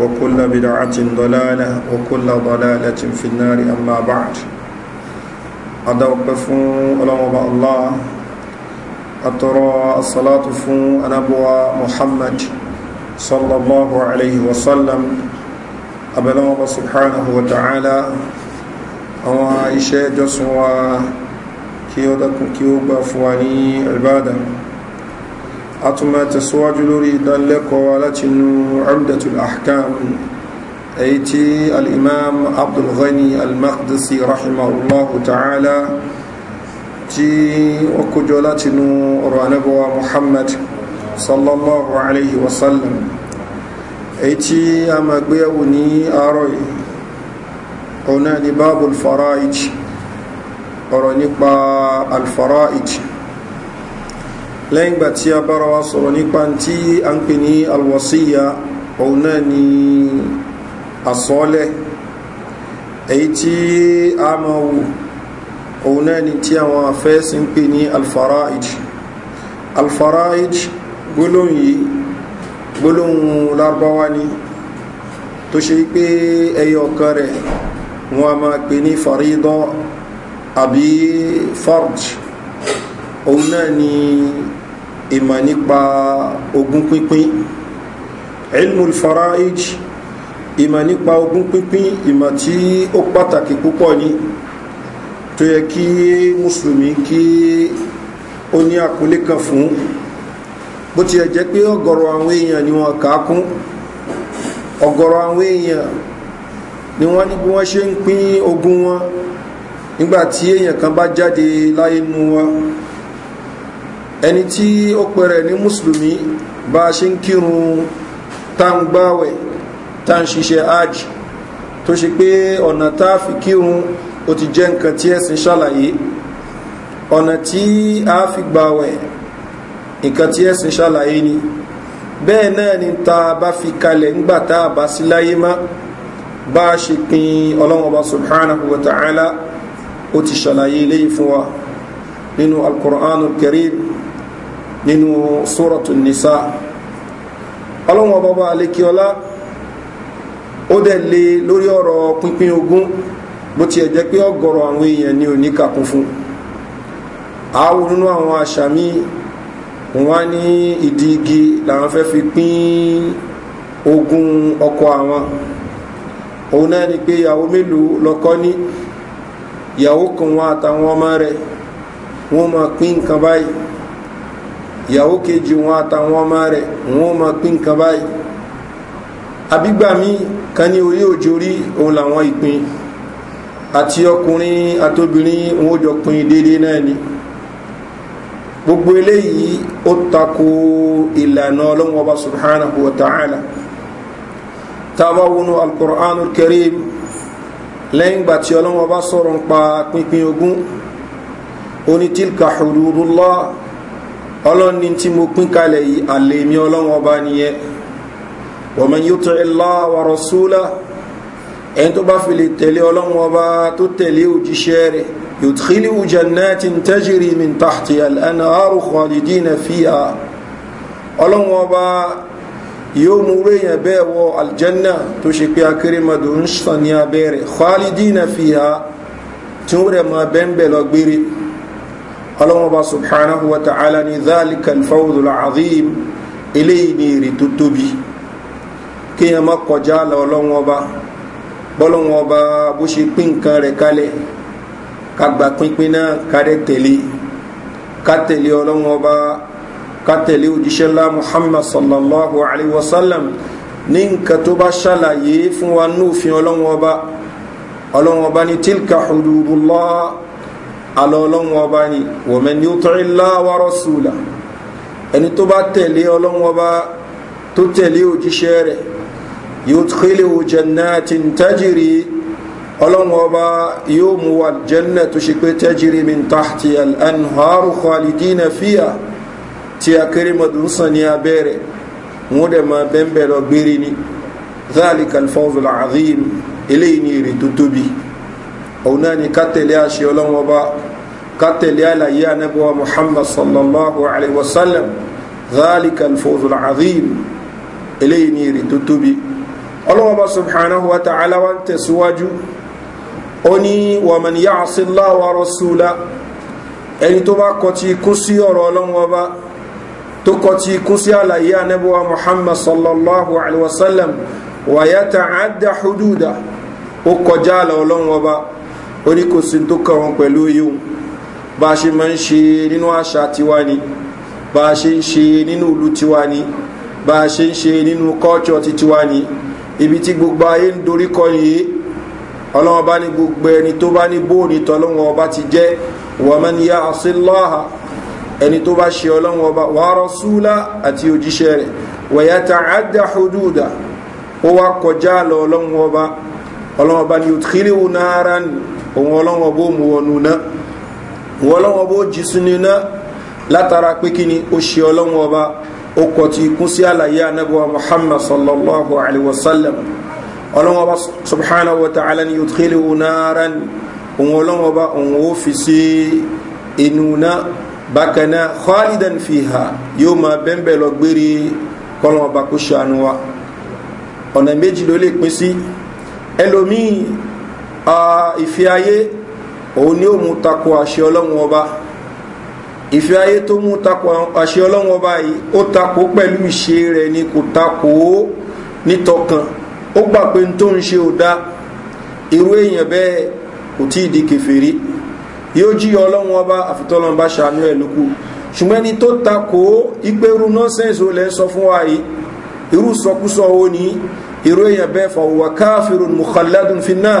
وكل بدعة ضلالة وكل ضلالة في النار أما بعد أدوقفوا ألوم الله أترى الصلاة فون أنبوى محمد صلى الله عليه وسلم أبلوم سبحانه وتعالى أو عائشة جسوى كيودكم كيوبا فواني عباده atuma tẹ̀síwájú lórí ìdánilẹ́kọ̀ọ́ alátinú amdatul ahkam èyí tí al'imam abdulghani al-makhdisi rahimahullahu ta'ala tí ó kójọ látinú ọ̀rọ̀ anábọ̀wá muhammad sallallahu alayhi wasallam èyí tí a ma gbéyàwó ní àárọ̀ ọ̀nà ni bábul fara'ij ọ̀rọ̀ nípa al-fara'ij lẹ́yìn ìgbà tí a bára wa sọ̀rọ̀ nípa tí a ń pè ní alwasiya òun náà ni àsọ́ọ́lẹ̀ èyí tí a máa wù òun náà ni tí àwọn afẹ́sí ń pè ní alfaraid alfaraid gbólóhùn yìí gbólóhùn lárúbáwá ni tó ṣe pé ẹyọ ọ̀kan rẹ̀ wọ́n a máa pè ní faridọ́ àbí fard òun náà ni ìmọ̀ nípa ogun pínpín ilmul fara'ij ìmọ̀ nípa pínpín ìmọ̀ tí ó pàtàkì púpọ̀ ni tó yẹ kí mùsùlùmí kí ó ní kan fún bó ti ẹ̀jẹ́ pé ọgọ̀rọ̀ àwọn èèyàn ni wọ́n kàákún ọgọ̀rọ̀ àwọn èèyàn ni wọ́n ní bí wọ́n ṣe ń pín wọn èèyàn kan bá jáde láyé ẹni tí ó pẹ̀rẹ̀ ní mùsùlùmí bá ṣe ń kírun táǹgbáwẹ̀ táǹṣiṣẹ́ aj tó ṣe pé ọ̀nà fi kírun ó ti jẹ́ nǹkan tí ẹ̀sìn ṣàlàyé ọ̀nà tí a fi gbàwẹ̀ nǹkan tí ẹ̀sìn ṣàlàyé ni bẹ́ẹ̀ náà ni ta bá fi kalẹ̀ ńgbà tá a bá sí láyé bá a ṣe pin ọlọ́wọ́n wa ta'ala ó ti ṣàlàyé fún nínú sórọ̀tù nìsá ọlọ́run ọba bá alekiola ó dẹ̀ lé lórí ọ̀rọ̀ pínpín ogún bó ti ẹ̀jẹ́ pé ọgọ̀rọ̀ àwọn èèyàn ni ò ní kàkún fún àwọn nínú àwọn àṣàmí wọ́n ní ìdí igi làwọn fẹ́ fi pín ogún ọkọ̀ àwọn òun náà ni pé ìyàwó mélòó lọ́kọ́ ní ìyàwó kan wọn àtàwọn ọmọ rẹ̀ wọ́n máa pín nǹkan ìyàwó kejì wọn àtàwọn ọmọ rẹ̀ wọn ma pín nǹkan báyìí abígbà mi kan ní orí òjòrí òun làwọn ìpín àti ọkùnrin àtobìnrin wọn ó jọ pín déédéé náà ni gbogbo eléyìí ó tako ìlànà ọlọ́wọ́ ọba subhanahu wa ta'ala tábà wọnú alkùránù karim lẹ́yìn gbà tí ọlọ́wọ́ ọba sọ̀rọ̀ ń pa pínpín ogún oní tilka ọlọ́ni tí mo pín kalẹ̀ yìí àlèmí ọlọ́run ọba nìyẹn wọ́n mọ̀ yóò tọ́ ilá wàrọ̀ sólà ẹni tó bá fi lè tẹ̀lé ọlọ́run ọba tó tẹ̀lé òjíṣẹ́ rẹ̀ yóò tìlí ujannati tẹ́jìrì mi tàhtì àlànà àrùn kọ̀ọ̀dìdínà fìyà ọlọ́run ọba yóò mú réyàn bẹ́ẹ̀ wọ aljanna tó ṣe pé akérèmọdò ń sàn ní abẹ́rẹ̀ kọ̀ọ̀dìdínà fìyà tí ó rẹ̀ mọ́ bẹ́ẹ̀ bẹ́ẹ̀ lọ gbére ọlọ́mọba subhanahu wa ta'ala ni dhalika alfawdu alazim eléyìí ni èrè tó tóbi kéèyàn má kọjá lọ ọlọ́mọba bọ́lọ́mọba bó ṣe pín nǹkan rẹ̀ kalẹ̀ ká gba pínpín náà ká rẹ̀ tẹ̀lé ká tẹ̀lé ọlọ́mọba ká tẹ̀lé òjíṣẹ́ ńlá muhammad sallallahu alayhi wa sallam ní nǹkan tó bá ṣàlàyé fún wa nófin ọlọ́mọba ọlọ́mọba ni tilka hududullah alọ́ ọlọ́run ọba ni wọ̀mẹ́ ni ó tọ́rí láwárọ̀ sùúlà ẹni tó bá tẹ̀lé ọlọ́run ọba tó tẹ̀lé òjíṣẹ́ rẹ̀ yóò tẹ̀lé òjẹ̀nà tí ń tẹ́jìrì ọlọ́run ọba yóò mú wà jẹ́nà tó ṣe pé tẹ́jìrì mi tàhtì al'anharu khalidina fiya tí a kéré madùnsàn ní abẹ́rẹ̀ wọ́n dẹ̀ máa bẹ́ẹ̀ lọ gbére ni ذلك الفوز العظيم إليني ردتبي أو ناني كتلي أشي ولن وبا ká tẹ̀lé àlàyé anábíwá muhammad sallallahu alayhi wa sallam dhalika alfawzul azim eléyìí ní èrè tó tóbi ọlọ́wọ́ba subhanahu wa ta'ala wa ń tẹ̀síwájú ó ní wàmàn ya'si Allah wa rasula ẹni tó bá kọtí ikú sí ọ̀rọ̀ ọlọ́wọ́ba tó kọtí ikú sí àlàyé anábíwá muhammad sallallahu alayhi wa sallam wa yata'adda hududa ó kọjá àlọ́ ọlọ́wọ́ba ó ní kò sí tó kàn wọn bá a ṣe máa ń ṣe nínú àṣà tiwa ni bá a ṣe ń ṣe nínú ìlú tiwa ni bá a ṣe ń ṣe nínú kọ́ọ̀tsọ̀ ti tiwa ni ibi tí gbogbo ayé ń dorí kọ yìí ọlọ́wọ́n bá ní gbogbo ẹni tó bá ní bóòní tọ́lọ́wọ́n ọba ti jẹ́ wọ́n ní ẹni tó bá ṣe ọlọ́wọ́n ọba wàárọ̀ súlá àti òjíṣẹ́ rẹ̀ wọ̀yá àdá hudúdà ó wá kọjá lọ ọlọ́wọ́n ọba ọlọ́wọ́n ọba ni òtìkírí wù náà rán òun ọlọ́wọ́n ọba ó mú wọnú náà wọ́lọ́wọ́ bó jí sínú iná látara pé kí ni ó ṣe ọlọ́wọ́ ọba ó kọ ti kún sí àlàyé anábọ̀ muhammad sallallahu alaihi wasallam ọlọ́wọ́ ọba subhanahu wa ta'ala ni yóò tẹ́lẹ̀ onára ni òun ọlọ́wọ́ ọba òun ó fi sí inú náà bákan náà khalidan fiha yóò máa bẹ́ńbẹ́ lọ gbére kọ́lọ́wọ́ ọba kó ṣàánú wa ọ̀nà méjì ló lè pín sí ẹlòmíì ìfẹ́ ayé òun ni ó mú takò àṣẹ ọlọ́run ọba ìfẹ́ ayé tó mú takò àṣẹ ọlọ́run ọba yìí ó takò pẹ̀lú ìṣe rẹ̀ ni kò takò ó nítọkàn ó gbà pé n tó ń ṣe ò dá irú èèyàn bẹ́ẹ̀ kò tí ì di kẹfẹ́rí yóò jí ọlọ́run ọba àfitọ́lọ́run bá ṣàánú ẹ̀ lókù ṣùgbọ́n ẹni tó takò ó ìpẹ́rú nọ́sẹ̀nsì ó lẹ́ sọ fún wa yìí irú sọkúsọ wo irú èèyàn bẹ́ẹ̀ fọwọ́ káfíìrún mùkàládùn fi náà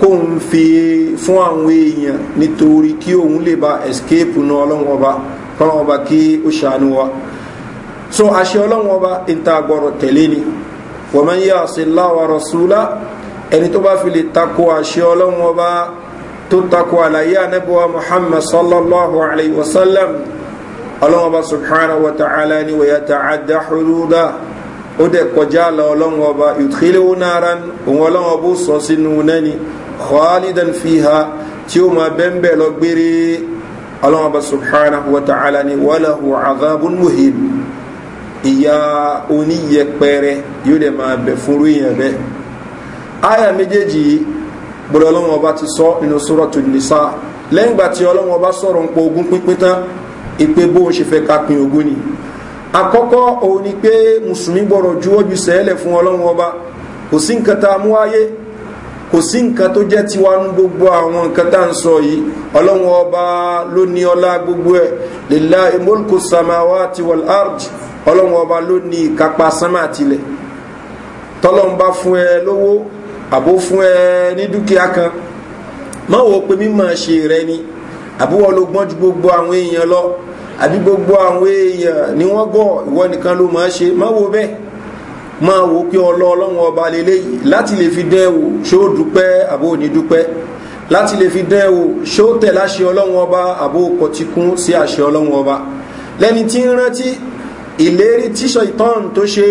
kóun fi fún àwọn èèyàn nítorí kí òun lè ba escape náà ọlọ́wọ́n ọba kọ́lọ́wọ́n ọba kí ó ṣàánú wa so àṣẹ ọlọ́wọ́n ọba ìta gbọ́rọ̀ tẹ̀lé ni wọ́n máa ń yá àṣẹ láwa rọ̀ṣúlá ẹni tó bá fi lè takò àṣẹ ọlọ́wọ́n ọba tó takò àlàyé anábọ́wá muhammad sallallahu alayhi wa sallam ọlọ́wọ́n ọba subhanahu wa ta'ala ni wọ́n yà tàcádà xuduuda ó dẹ̀ kọjá lọ ọlọ́wọ́n ọba yùtìlẹ̀ wọn náà ran òun ọlọ́wọ́n ọba ó sọ sínú náà ni khalidan fiha tí ó máa bẹ́ńbẹ́ lọ gbére ọlọ́wọ́n bá subhanahu wa ta'ala ni wàlàhù azabun muhin ìyá oníyẹpẹrẹ yóò dẹ̀ máa bẹ̀ fún ròyìn bẹ́ aya méjèèjì gbọdọ̀ ọlọ́wọ́n bá ti sọ nínú sọ́rọ̀tù nìsa lẹ́yìn gbà tí ọlọ́wọ́n bá sọ̀rọ̀ ń ogun pínpín tán ìpè bó ń ṣe fẹ́ pin ogun ni àkọ́kọ́ òun pé mùsùlùmí gbọ́dọ̀ juwọ́ ju fún ọlọ́wọ́n ọba kò sí nǹkan tá ayé kò sí nǹkan tó jẹ́ tiwa ní gbogbo àwọn nǹkan tá à ń sọ yìí ọlọ́run ọba ló ní ọlá gbogbo ẹ̀ lèlá emolko samawa ti wọl ard ọlọ́run ọba ló ní ìkápá sánmà tilẹ̀ tọ́lọ́run bá fún ẹ lówó àbó fún ẹ ní dúkìá kan má wo pé mímọ̀ ṣe rẹ ni àbúwọ̀ ló gbọ́n ju gbogbo àwọn èèyàn lọ àbí gbogbo àwọn èèyàn ni wọ́n gọ̀ ìwọ nìkan ló mọ̀ ṣe má wo bẹ́ẹ̀ máa wò pé ọlọ́ ọlọ́run ọba lélẹ́yìí láti lè fi dẹ́ wò ṣó dúpẹ́ àbó òní dúpẹ́ láti lè fi dẹ́ wò ṣó tẹ̀ láṣẹ ọlọ́run ọba àbó kọtíkún sí àṣẹ ọlọ́run ọba lẹ́ni tí ń rántí ìlérí tíṣọ ìtọ́n tó ṣe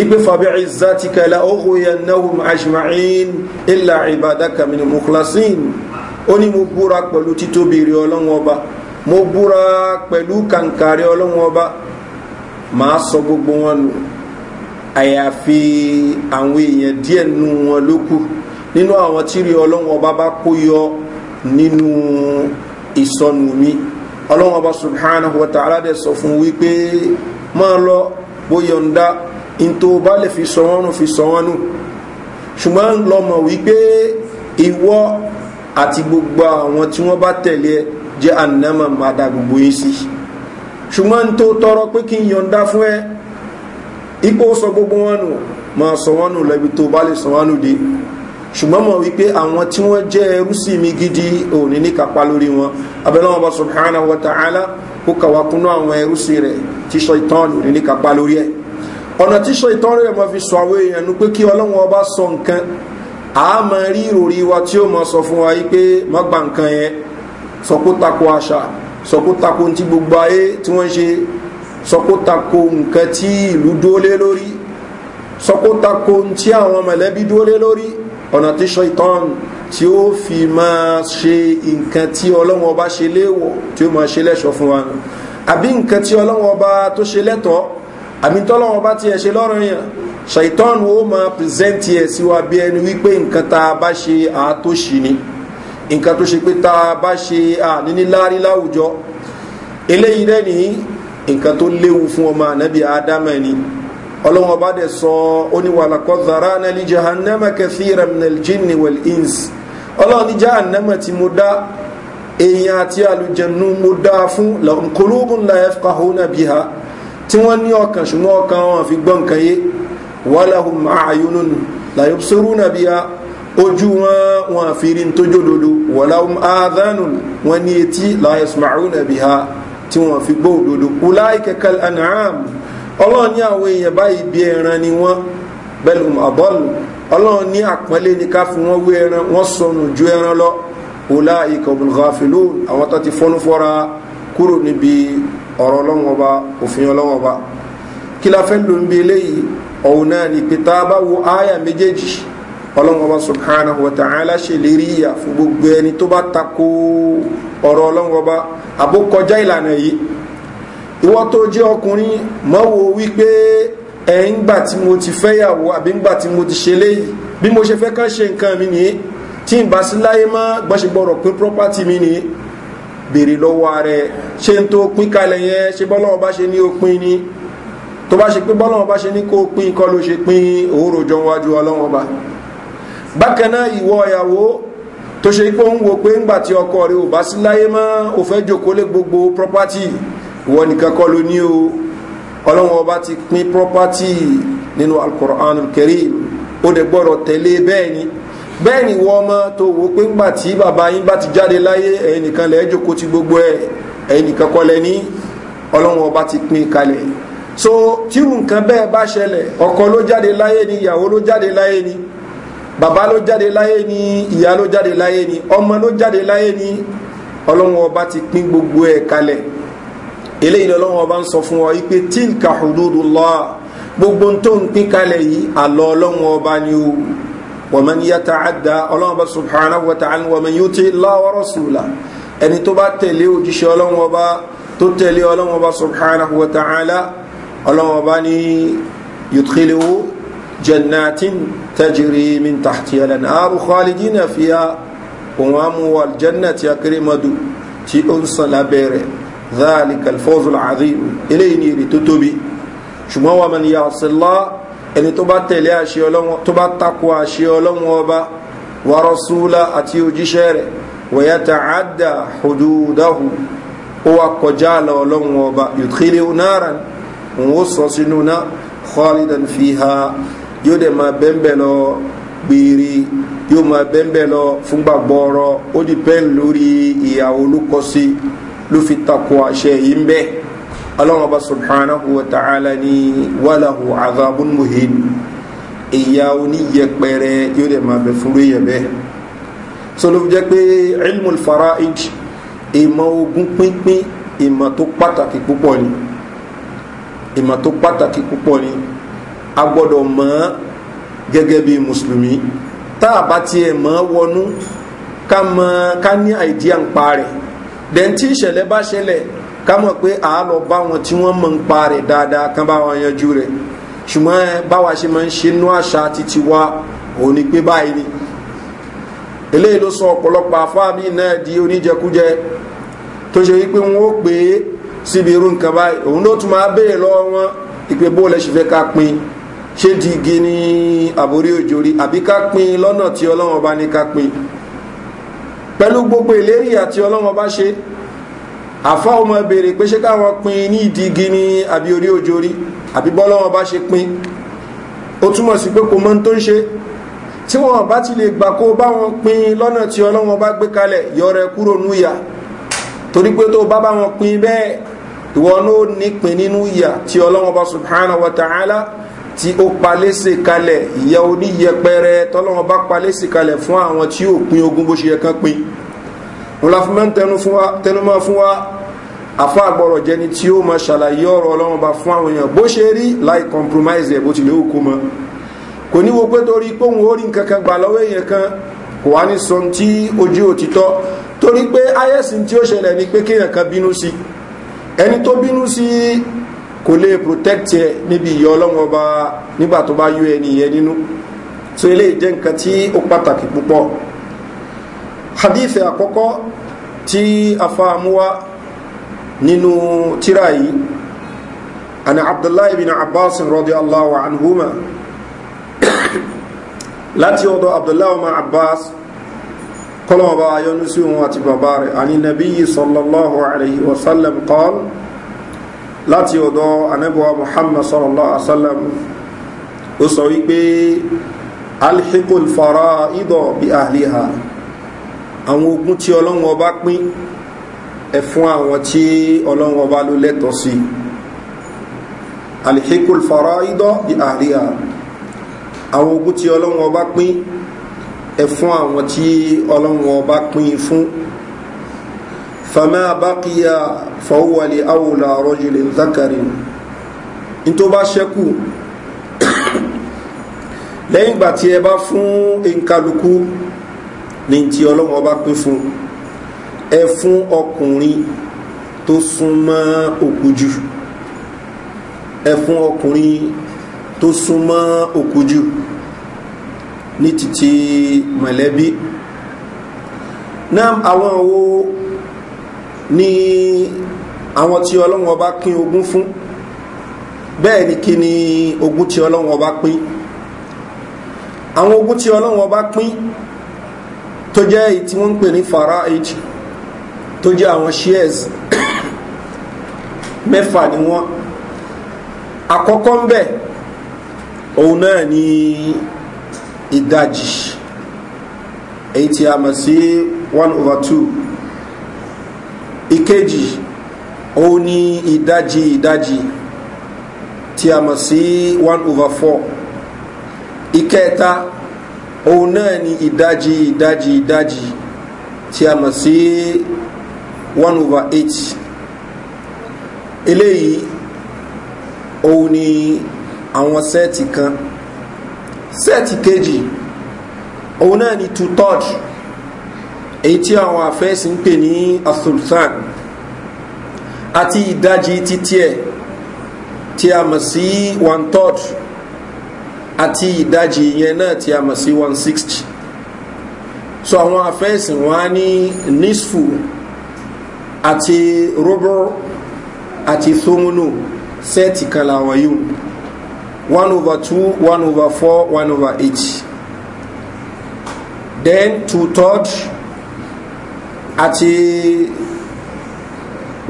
ipe fàbí ìzàtìkà ilà ọ̀hóyẹ nahum ajma'in ilà ìbàdàkà min mukhlasin ó ní mo búra pẹ̀lú títóbi rí ọlọ́run ọba mo búra pẹ̀lú kàǹkàrí ọlọ́run ọba màá sọ gbogbo wọn àyàfi àwọn èèyàn díẹ̀ nù wọn ló kù nínú àwọn tíri ọlọ́wọ́n ọba bá kó yọ nínú ìsọnù mi ọlọ́wọ́n ọba subhanahu wa ta'ala dẹ̀ sọ fún wípé máa lọ bóyọ̀ ń dá ìntò bá lè fi sọ wọn nù fi sọ wọn nù ṣùgbọ́n lọ wípé ìwọ àti gbogbo àwọn tí wọ́n bá tẹ̀lé jẹ́ ànámà máa da gbogbo yín sí ṣùgbọ́n tó tọrọ pé kí n yọ̀ǹda fún ẹ ipò sọ gbogbo wọn nù ma sọ wọn nù lẹ́bi tó bá lè sọ wọn nù dé ṣùgbọ́n mọ̀ wípé àwọn tí wọ́n jẹ́ ẹrú sí mi gidi òní ní kápá lórí wọn abẹ́lẹ́wọ̀n bá subhana wa ta'ala kó kàwá kúnú àwọn ẹrú sí rẹ̀ tí sọ ìtàn òní ní kápá lórí ẹ̀ ọ̀nà tí sọ ìtàn rẹ̀ mọ̀ fi sọ àwọn èèyàn nu pé kí ọlọ́wọ́n bá sọ nǹkan a máa rí ìròrí wa tí ó mọ̀ sọ fún wa yí pé má gba nǹkan yẹn sọ kó tako àṣà sọ kó tako ti gbogbo ayé tí wọ́n ṣe sọ́kó tako nǹkan tí ìlú dólé lórí sọ́kó tako tí àwọn mọ̀lẹ́bí dólé lórí ọ̀nà tí ṣọ́ìtàn tí ó fi máa ṣe nǹkan tí ọlọ́wọ́n ọba ṣe léèwọ̀ tí ó máa ṣe lẹ́ṣọ́ fún wa àbí nǹkan tí ọlọ́wọ́n ọba tó ṣe lẹ́tọ̀ọ́ àbí tọ́lọ́wọ́n ọba ti ṣe lọ́rọ̀ yàn ṣàìtàn ó máa pìrìsẹ́ǹtì ẹ̀ sí wa bí ẹni wípé nǹkan tá a bá ṣe àátòṣì ni nǹkan tó ṣe pé tá a bá ṣe àníníláárí láwùjọ eléyìí dẹ́nìí nǹkan tó léwu fún ọmọ ànábì ádámà ni ọlọ́wọ́n bá dẹ̀ sọ oníwàlá kọ́ zara anali jahannama kẹfìrà nàìjíríà wẹ̀l ins ọlọ́wọ́n ní jahannama tí mo dá èèyàn àti àlùjẹ̀nu mo dá fún kòlóògùn láyẹ̀f kahona bí ha tí wọ́n ní ọkàn ṣùgbọ́n ọkàn wọn fi gbọ́n nǹkan yé wàláhùn àyùnún láyẹ̀f sórúnà bí ha ojú wọn wọn fi rí ntójódodo wàláhùn àdánù wọn ní etí láyẹ̀f màrúnà bí ha tí wọ́n fi gbọ́ òdodo ulaika kal an'am ọlọ́run ní àwọn èèyàn báyìí bí ẹran ni wọ́n bẹ́lùm àbọ́lù ọlọ́run ní àpọ́nlé ní ká fi wọ́n wé ẹran wọ́n sọnù ju ẹran lọ ulaika humul ghafilun àwọn tó ti fọ́nú fọ́ra kúrò níbi ọ̀rọ̀ ọlọ́run ọba òfin ọlọ́run ọba kí ló ń bi eléyìí ọ̀hún náà ni pé tá a méjèèjì ọlọ́run ọba subhanahu wa ta'ala ṣèlérí ìyà fún gbogbo ẹni tó bá tako ọ̀rọ̀ ọlọ́run ọba àbó kọjá ìlànà yìí ìwọ tó jẹ́ ọkùnrin mọ́wó wípé ẹ̀yìn gbà tí mo ti fẹ́yàwó àbí ngbà tí mo ti ṣe léyìí bí mo ṣe fẹ́ kán ṣe nǹkan mi nìyí tí n bá sí láyé mọ́ gbọ́nṣe gbọ́rọ̀ pé property mi nìyí béèrè lọ́wọ́ ààrẹ ṣe n tó pín kalẹ̀ yẹn ṣe bọ́lọ́wọ́ bá ṣe ní òpin ni tó bá ṣe pé bọ́lọ́wọ́ bá ṣe ní kó pín kọ́ ló ṣe pín òórò jọ wájú ọlọ́wọ́ bá bákan náà ìwọ ìyàwó tó ṣe pé ń wo pé ńgbà tí ọkọ rẹ ò bá sí láyé mọ́ ò fẹ́ jókòó lé gbogbo property ìwọ nìkan kọ́ ló ní o ọlọ́run ọba ti pín property nínú alukur'an karim ó dẹ̀ gbọ́dọ̀ tẹ̀lé bẹ́ẹ̀ ni bẹ́ẹ̀ ni wọ́n ọmọ tó wo pé ńgbà bàbá yín bá ti jáde láyé ẹ̀yin nìkan lẹ́ẹ́ jókòó ti gbogbo ẹ̀ ẹ̀yin nìkan kọ́ lẹ ní ọlọ́run ọba ti pín kalẹ̀ so tírù nǹkan bẹ́ẹ̀ bá ṣẹlẹ̀ ọkọ ló jáde láyé ni ìyàwó ló jáde láyé ni bàbá ló jáde láyé ni ìyá ló jáde láyé ni ọmọ ló jáde láyé ni ọlọ́run ọba ti pín gbogbo ẹ̀ kalẹ̀ eléyìí ni ọlọ́run ọba ń sọ fún ọ wípé tílkà hududullah gbogbo tó ń pín kalẹ̀ yìí àlọ́ ọlọ́run ọba ni o wọ́n mọ̀ ní yàtà àdá ọlọ́run ọba subhanahu wa ta'ala wọ́n yóò ti láwọ́rọ̀ sùlà ẹni tó bá tẹ̀lé òjíṣẹ́ ọlọ́run ọba tó tẹ̀lé ọlọ́run ọba subhanahu wa ta'ala ọlọ́run ọba ni yòtúkẹ́lẹ́wọ́ جنات تجري من تحتها الانهار خالدين فيها وامو الجنه يكرمد تي انصل بير ذلك الفوز العظيم اليني رتتبي شما ومن يعص الله ان تبات لي اشي اولون تبات تقوى اشي وبا ورسول اتي وجشر ويتعدى حدوده هو كجال اولون وبا يدخل نارا وصصننا خالدا فيها yóò dẹ̀ máa bẹ́ńbẹ́ lọ gbére yóò máa bẹ́ńbẹ́ lọ fúngbà gbọ́ọ̀rọ̀ ó di pẹ́ẹ́n lórí ìyàwó olùkọ́sí ló fi takò àṣẹ yìí ń bẹ́ ọlọ́run ọba subhanahu wa ta'ala ni wàlàhù azabun muhin ìyá oníyẹpẹrẹ yóò dẹ̀ máa bẹ fúnrú yẹ bẹ́ẹ̀ so ló fi jẹ́ pé ilmul ìmọ̀ ogun pínpín ìmọ̀ tó pàtàkì púpọ̀ ni ìmọ̀ tó pàtàkì púpọ̀ ni a gbọ́dọ̀ mọ̀ ọ́ gẹ́gẹ́ bí mùsùlùmí tá a bá tiẹ̀ mọ̀ ọ́ wọnú ká mọ̀ ká ní àìdíà ń pa rẹ̀ dẹ̀ntí ìṣẹ̀lẹ̀ bá ṣẹlẹ̀ ká mọ̀ pé àá lọ bá wọn tí wọ́n mọ̀ ń pa rẹ̀ dáadáa kán bá wọn yanjú rẹ̀ ṣùgbọ́n báwa ṣe máa ń ṣe inú àṣà títí wa òun ni pé báyìí ni eléyìí ló sọ ọ̀pọ̀lọpọ̀ àfáàmì náà di oníjẹkújẹ tó ṣe wípé wọn ó pè é síbi irú nǹkan báyìí òun ló tún máa béèrè lọ́wọ́ wọn ìpè bó lẹ fẹ́ ká pin ṣé ti igi ní àbórí òjòrí àbí ká pin lọ́nà tí ọlọ́run ọba ní ká pin pẹ̀lú gbogbo ìlérí àti ọlọ́run ọba ṣe àfa ọmọ béèrè pé ṣé káwọn pin ní ìdí igi ní àbí orí òjòrí àbí bọ́lọ́run ọba ṣe pin ó túmọ̀ sí pé kò mọ́ tó ń ṣe tí wọn bá ti lè gbà kó bá wọn pin lọ́nà tí ọlọ́run ọba gbé kalẹ̀ yọrẹ kúrò núyà torí pé tó bá bá wọn pin bẹ́ẹ̀ ìwọ ló nípin nínú ìyà tí ọlọ́run ọba subhanahu wa ta'ala tí ó palẹ́sẹ̀ kalẹ̀ ìyẹ oníyẹpẹrẹ tọ́lọ́wọ́n bá palẹ́sẹ̀ kalẹ̀ fún àwọn tí ó pin ogun bó ṣe yẹ kán pin ńlá fún mẹ́ tẹnumọ́ fún wa afá àgbọ̀rọ̀ jẹni tí ó ma ṣàlàyé ọ̀rọ̀ ọlọ́wọ́n bá fún àwọn èèyàn bó ṣe rí láì compromise ẹ̀ bó ti lè ó kó mọ́ kò ní wo pé torí pé òun ó rí nǹkan kan gbà lọ́wọ́ èèyàn kan kò wá ní sọ tí ojú òtítọ́ torí pé ayẹ́sìn tí ó ṣẹlẹ̀ ni pé kéèyàn kan bínú sí ẹni tó bínú sí kò lè protect ẹ níbi ìyọ ọlọ́wọ́n bá nígbà tó bá yọ ẹni yẹn nínú so eléyìí jẹ́ nǹkan tí ó pàtàkì púpọ̀ hadith àkọ́kọ́ tí afaamuwa nínú tíra yìí ana abdullahi bin abbas rọ́dí allahu anhuma láti ọ̀dọ̀ abdullahi bin abbas kọlọ̀ bá yọnu àti bàbá rẹ̀ àní sallallahu alaihi wasallam kọ́lù láti ọ̀dọ̀ anábọ̀wá muhammad sallallahu alaihi wasallam ó sọ wípé alhikul fara idọ̀ bí ahliha àwọn ogun tí ọlọ́run ọba pín ẹ fún àwọn tí ọlọ́run ọba ló lẹ́tọ̀ọ́ sí alhikul fara idọ̀ bí ahliha àwọn ogun tí ọlọ́run ọba pín ẹ àwọn tí ọlọ́run ọba pín fún fama baqiya fahuwa li awla rajulin dhakarin in tó bá ṣẹ́kù lẹ́yìn ìgbà tí ẹ bá fún ìkàlùkù ní tí ọlọ́run ọba pín fún ẹ fún ọkùnrin tó súnmọ́ òkú jù ẹ fún ọkùnrin tó súnmọ́ òkú jù ní títí mọ̀lẹ́bí náà àwọn owó ní àwọn tí ọlọ́run ọba pín ogún fún bẹ́ẹ̀ ni kí ni ogún tí ọlọ́run ọba pín àwọn ogún tí ọlọ́run ọba pín tó jẹ́ èyí tí wọ́n ń pè ní farahid tó jẹ́ àwọn shears mẹ́fà ni wọ́n àkọ́kọ́ ń bẹ̀ òun náà ni ìdajì èyí tí a mọ̀ sí one over two ìkejì òun ni ìdajì ìdajì tí a mọ̀ sí one over four ìkẹta òun náà ni ìdajì ìdajì ìdajì tí a mọ̀ sí one over eight eléyìí òun ni àwọn sẹ́ẹ̀tì kan sẹ́ẹ̀tì kejì òun náà ni two third èyí tí àwọn àfẹ́sì ń pè ní asultan àti ìdajì títí ẹ̀ tí a mọ̀ sí one third àti ìdajì yẹn náà tí a mọ̀ sí one sixty so àwọn àfẹ́sì wọn á ní nisfu àti rubu àti thumunu sẹ́ẹ̀tì kan làwọn yìí one over two one over four one over eight then two thirds àti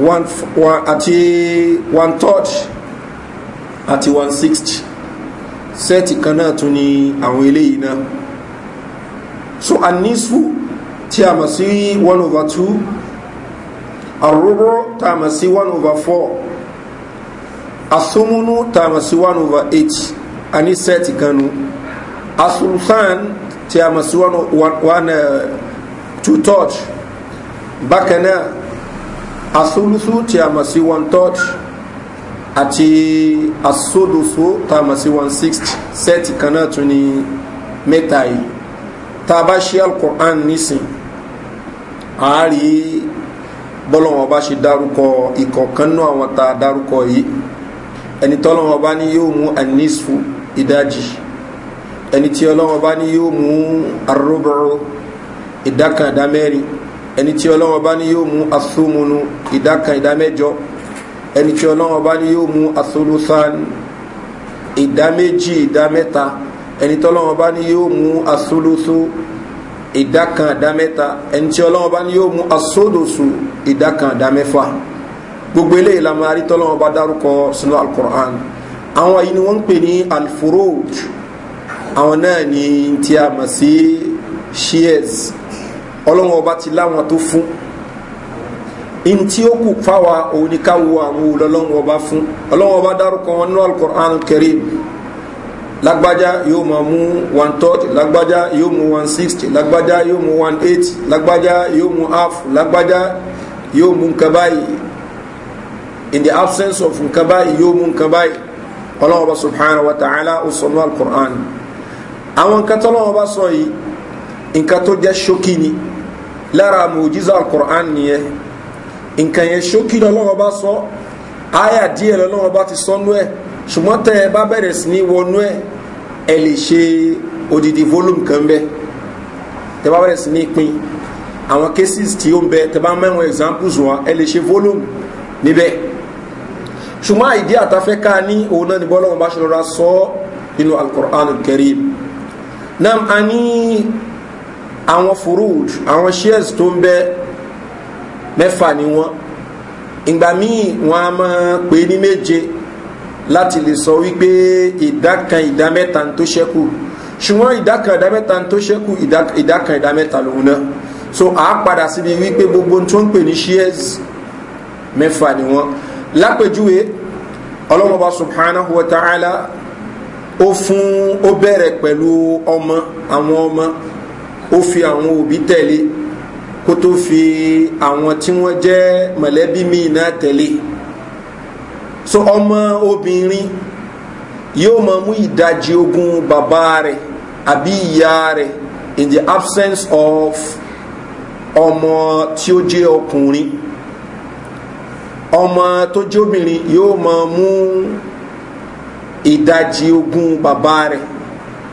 one one àti one third àti one sixth sẹ́ẹ̀tì kan náà tún ni àwọn eléyìí náà so anisfu tí a mọ̀ sí one over two àrúrú tá a mọ̀ sí one over four asomunu tá a mọ̀ sí one over eight àní sẹ́ẹ̀tì kan nu asulsan tí a mọ̀ sí one, one, one uh, two third bákan náà asúlùsù tí a mọ̀ sí one third àti asódòsó tá a mọ̀ sí one sixth sẹ́ẹ̀tì kan náà tún ní mẹ́ta yìí tá a bá ṣe alukur'an nísìn àárí bọ́lọ́wọ́n bá ṣe dárúkọ ìkọ̀ọ̀kan àwọn tá a dárúkọ yìí ẹni tọ́lọ́wọ́n bá ní yóò mú anisfu ìdajì ẹni tí ọlọ́wọ́n bá ní yóò mú arúgbó ìdákan ìdámẹ́rin ẹni tí ọlọ́wọ́n bá ní yóò mú asúmùnú ìdá kan ìdá mẹ́jọ ẹni tí ọlọ́wọ́n bá ní yóò mú asúrúsán ìdá méjì ìdá mẹ́ta ẹni tí ọlọ́wọ́n bá ní yóò mú asúrúsú ìdá kan ìdá mẹ́ta ẹni tí ọlọ́wọ́n bá ní yóò mú asódòsù ìdá kan ìdá mẹ́fà gbogbo eléyìí la máa rí tọ́lọ́wọ́n bá dárúkọ sínú alukur'an àwọn yìí ni wọ́n ń pè ní alfuroj àwọn náà ni tí a mọ̀ sí shears ọlọ́wọ́n ọba ti láwọn tó fún in tí ó kù fáwa òun ni ká wo àwọn olọ́wọ́n ọba fún ọlọ́wọ́n ọba dárúkọ wọn nínú alukur'an kẹrin lágbájá yóò máa mú one thirty lagbaja yóò mú one sixty lagbaja yóò mú one eight lagbaja yóò mú half lágbájá yóò mú nǹkan báyìí in the absence of nǹkan báyìí yóò mú nǹkan báyìí ọlọ́wọ́n ọba subhanahu wa ta'ala ó sọ nínú alukur'an àwọn nǹkan tọ́lọ́wọ́n ọba sọ yìí nǹkan tó jẹ́ ṣókí ni lára mùjíza alukur'an nìyẹn nǹkan yẹn ṣókí lọ́wọ́ bá sọ àyà díẹ̀ lọ́wọ́ bá ti sọ́nú ẹ̀ ṣùgbọ́n tẹ́ ẹ bá bẹ̀rẹ̀ sí ní wọnú ẹ̀ ẹ lè ṣe odidi volume kan bẹ́ẹ̀ tẹ́ bá bẹ̀rẹ̀ sí ní pin àwọn cases tí ó ń bẹ tẹ́ bá mẹ́wọ̀n examples wọn ẹ lè ṣe volume níbẹ̀ ṣùgbọ́n àìdí àtafẹ́ ká ní òun náà ní bọ́lọ́wọ́ bá ṣe lọ́ra sọ nínú alukur'an kẹrim náà a ní àwọn furud àwọn shares tó ń bẹ mẹ́fà ni wọ́n ìgbà míì wọ́n á máa pè ní méje láti lè sọ wípé ìdá kan ìdá mẹ́ta tó ṣẹ́kù ṣùgbọ́n ìdá kan ìdá mẹ́ta tó ṣẹ́kù ìdá kan ìdá mẹ́ta lòun náà so a á padà síbi wípé gbogbo tó ń pè ní shares mẹ́fà ni wọ́n lápèjúwe ọlọ́mọba subhanahu wa ta'ala ó fún ó bẹ̀rẹ̀ pẹ̀lú ọmọ àwọn ọmọ ó fi àwọn òbí tẹ̀lé kó tó fi àwọn tí wọ́n jẹ́ mọ̀lẹ́bí míì náà tẹ̀lé so ọmọ obìnrin yóò máa mú ìdajì ogún bàbá rẹ̀ àbí ìyá rẹ̀ in the absence of ọmọ tí ó jẹ́ ọkùnrin ọmọ tó jẹ́ obìnrin yóò máa mú ìdajì ogún bàbá rẹ̀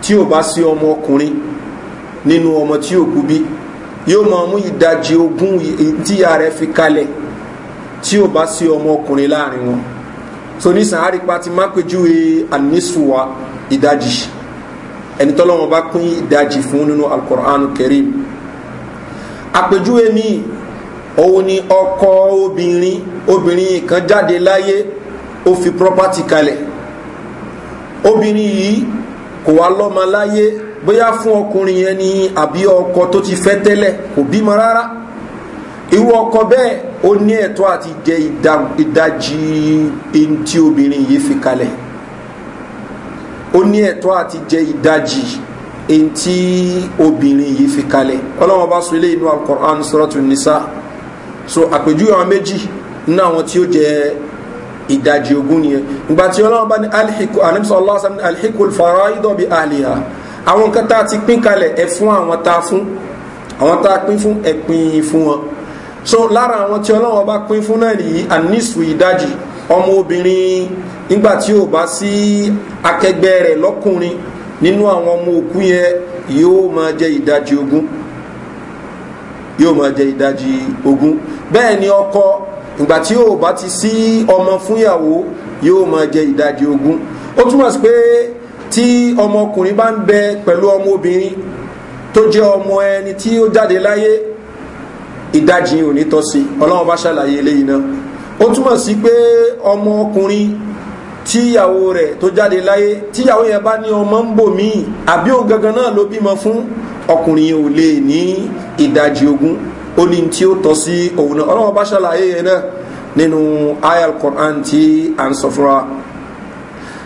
tí ò bá sí ọmọ ọkùnrin nínú ọmọ tí òkú bí yóò máa mú ìdajì ogún tíya rẹ̀ fi kalẹ̀ tí ò bá sí ọmọ ọkùnrin láàrin wọn so ní sahari pa ti má péjúwe àníṣùwà ìdajì ẹni tọ́lọ́wọ́n bá pín ìdajì fún nínú alukoranu kerim àpèjúwe míì òun ni ọkọ obìnrin obìnrin kan jáde láyé ó fi property kalẹ̀ obìnrin yìí kò wá lọ́mọ láyé bóyá fún ọkùnrin yẹn ni àbí ọkọ tó ti fẹ́ tẹ́lẹ̀ kò bímọ rárá irú ọkọ bẹ́ẹ̀ ó ní ẹ̀tọ́ àti jẹ ìdajì in tí obìnrin yìí fi kalẹ̀ ó ní ẹ̀tọ́ àti jẹ ìdajì in tí obìnrin yìí fi kalẹ̀ ọlọ́wọ́n bá sọ ilé inú alkọ̀rán sọ́rọ́tún nìsa so àpèjúwe àwọn méjì nínú àwọn tí ó jẹ ìdajì ogún nìyẹn ìgbà tí ọlọ́wọ́n bá ní alhiku anamsa faraidọ́ bí ahliha àwọn nǹkan tá a ti pín kalẹ̀ ẹ fún àwọn tá a fún àwọn tá a pín fún ẹ pín fún wọn so lára àwọn tí ọlọ́wọ́n bá pín fún náà nìyí àníṣù ìdajì ọmọ obìnrin nígbà tí ò bá sí akẹgbẹ́ rẹ̀ lọ́kùnrin nínú àwọn ọmọ òkú yẹn yóò máa jẹ ìdajì ogún yóò máa jẹ ìdajì ogún bẹ́ẹ̀ ni ọkọ ìgbà tí ò bá ti sí ọmọ fúnyàwó yóò máa jẹ ìdajì ogún ó túmọ̀ sí pé tí ọmọkùnrin bá ń bẹ pẹ̀lú ọmọ obìnrin tó jẹ́ ọmọ ẹni tí ó jáde láyé ìdajì ò ní tọ́ sí ọlọ́run bá ṣàlàyé eléyìí náà ó túmọ̀ sí pé ọmọ ọkùnrin tíyàwó rẹ̀ tó jáde láyé tíyàwó yẹn bá ní ọmọ ń bò míì àbí òun gangan náà ló bímọ fún ọkùnrin yẹn ò lè ní ìdajì ogún ó ní tí ó tọ́ sí òun náà ọlọ́run bá ṣàlàyé yẹn náà nínú ayal quran tí à ń sọ fúnra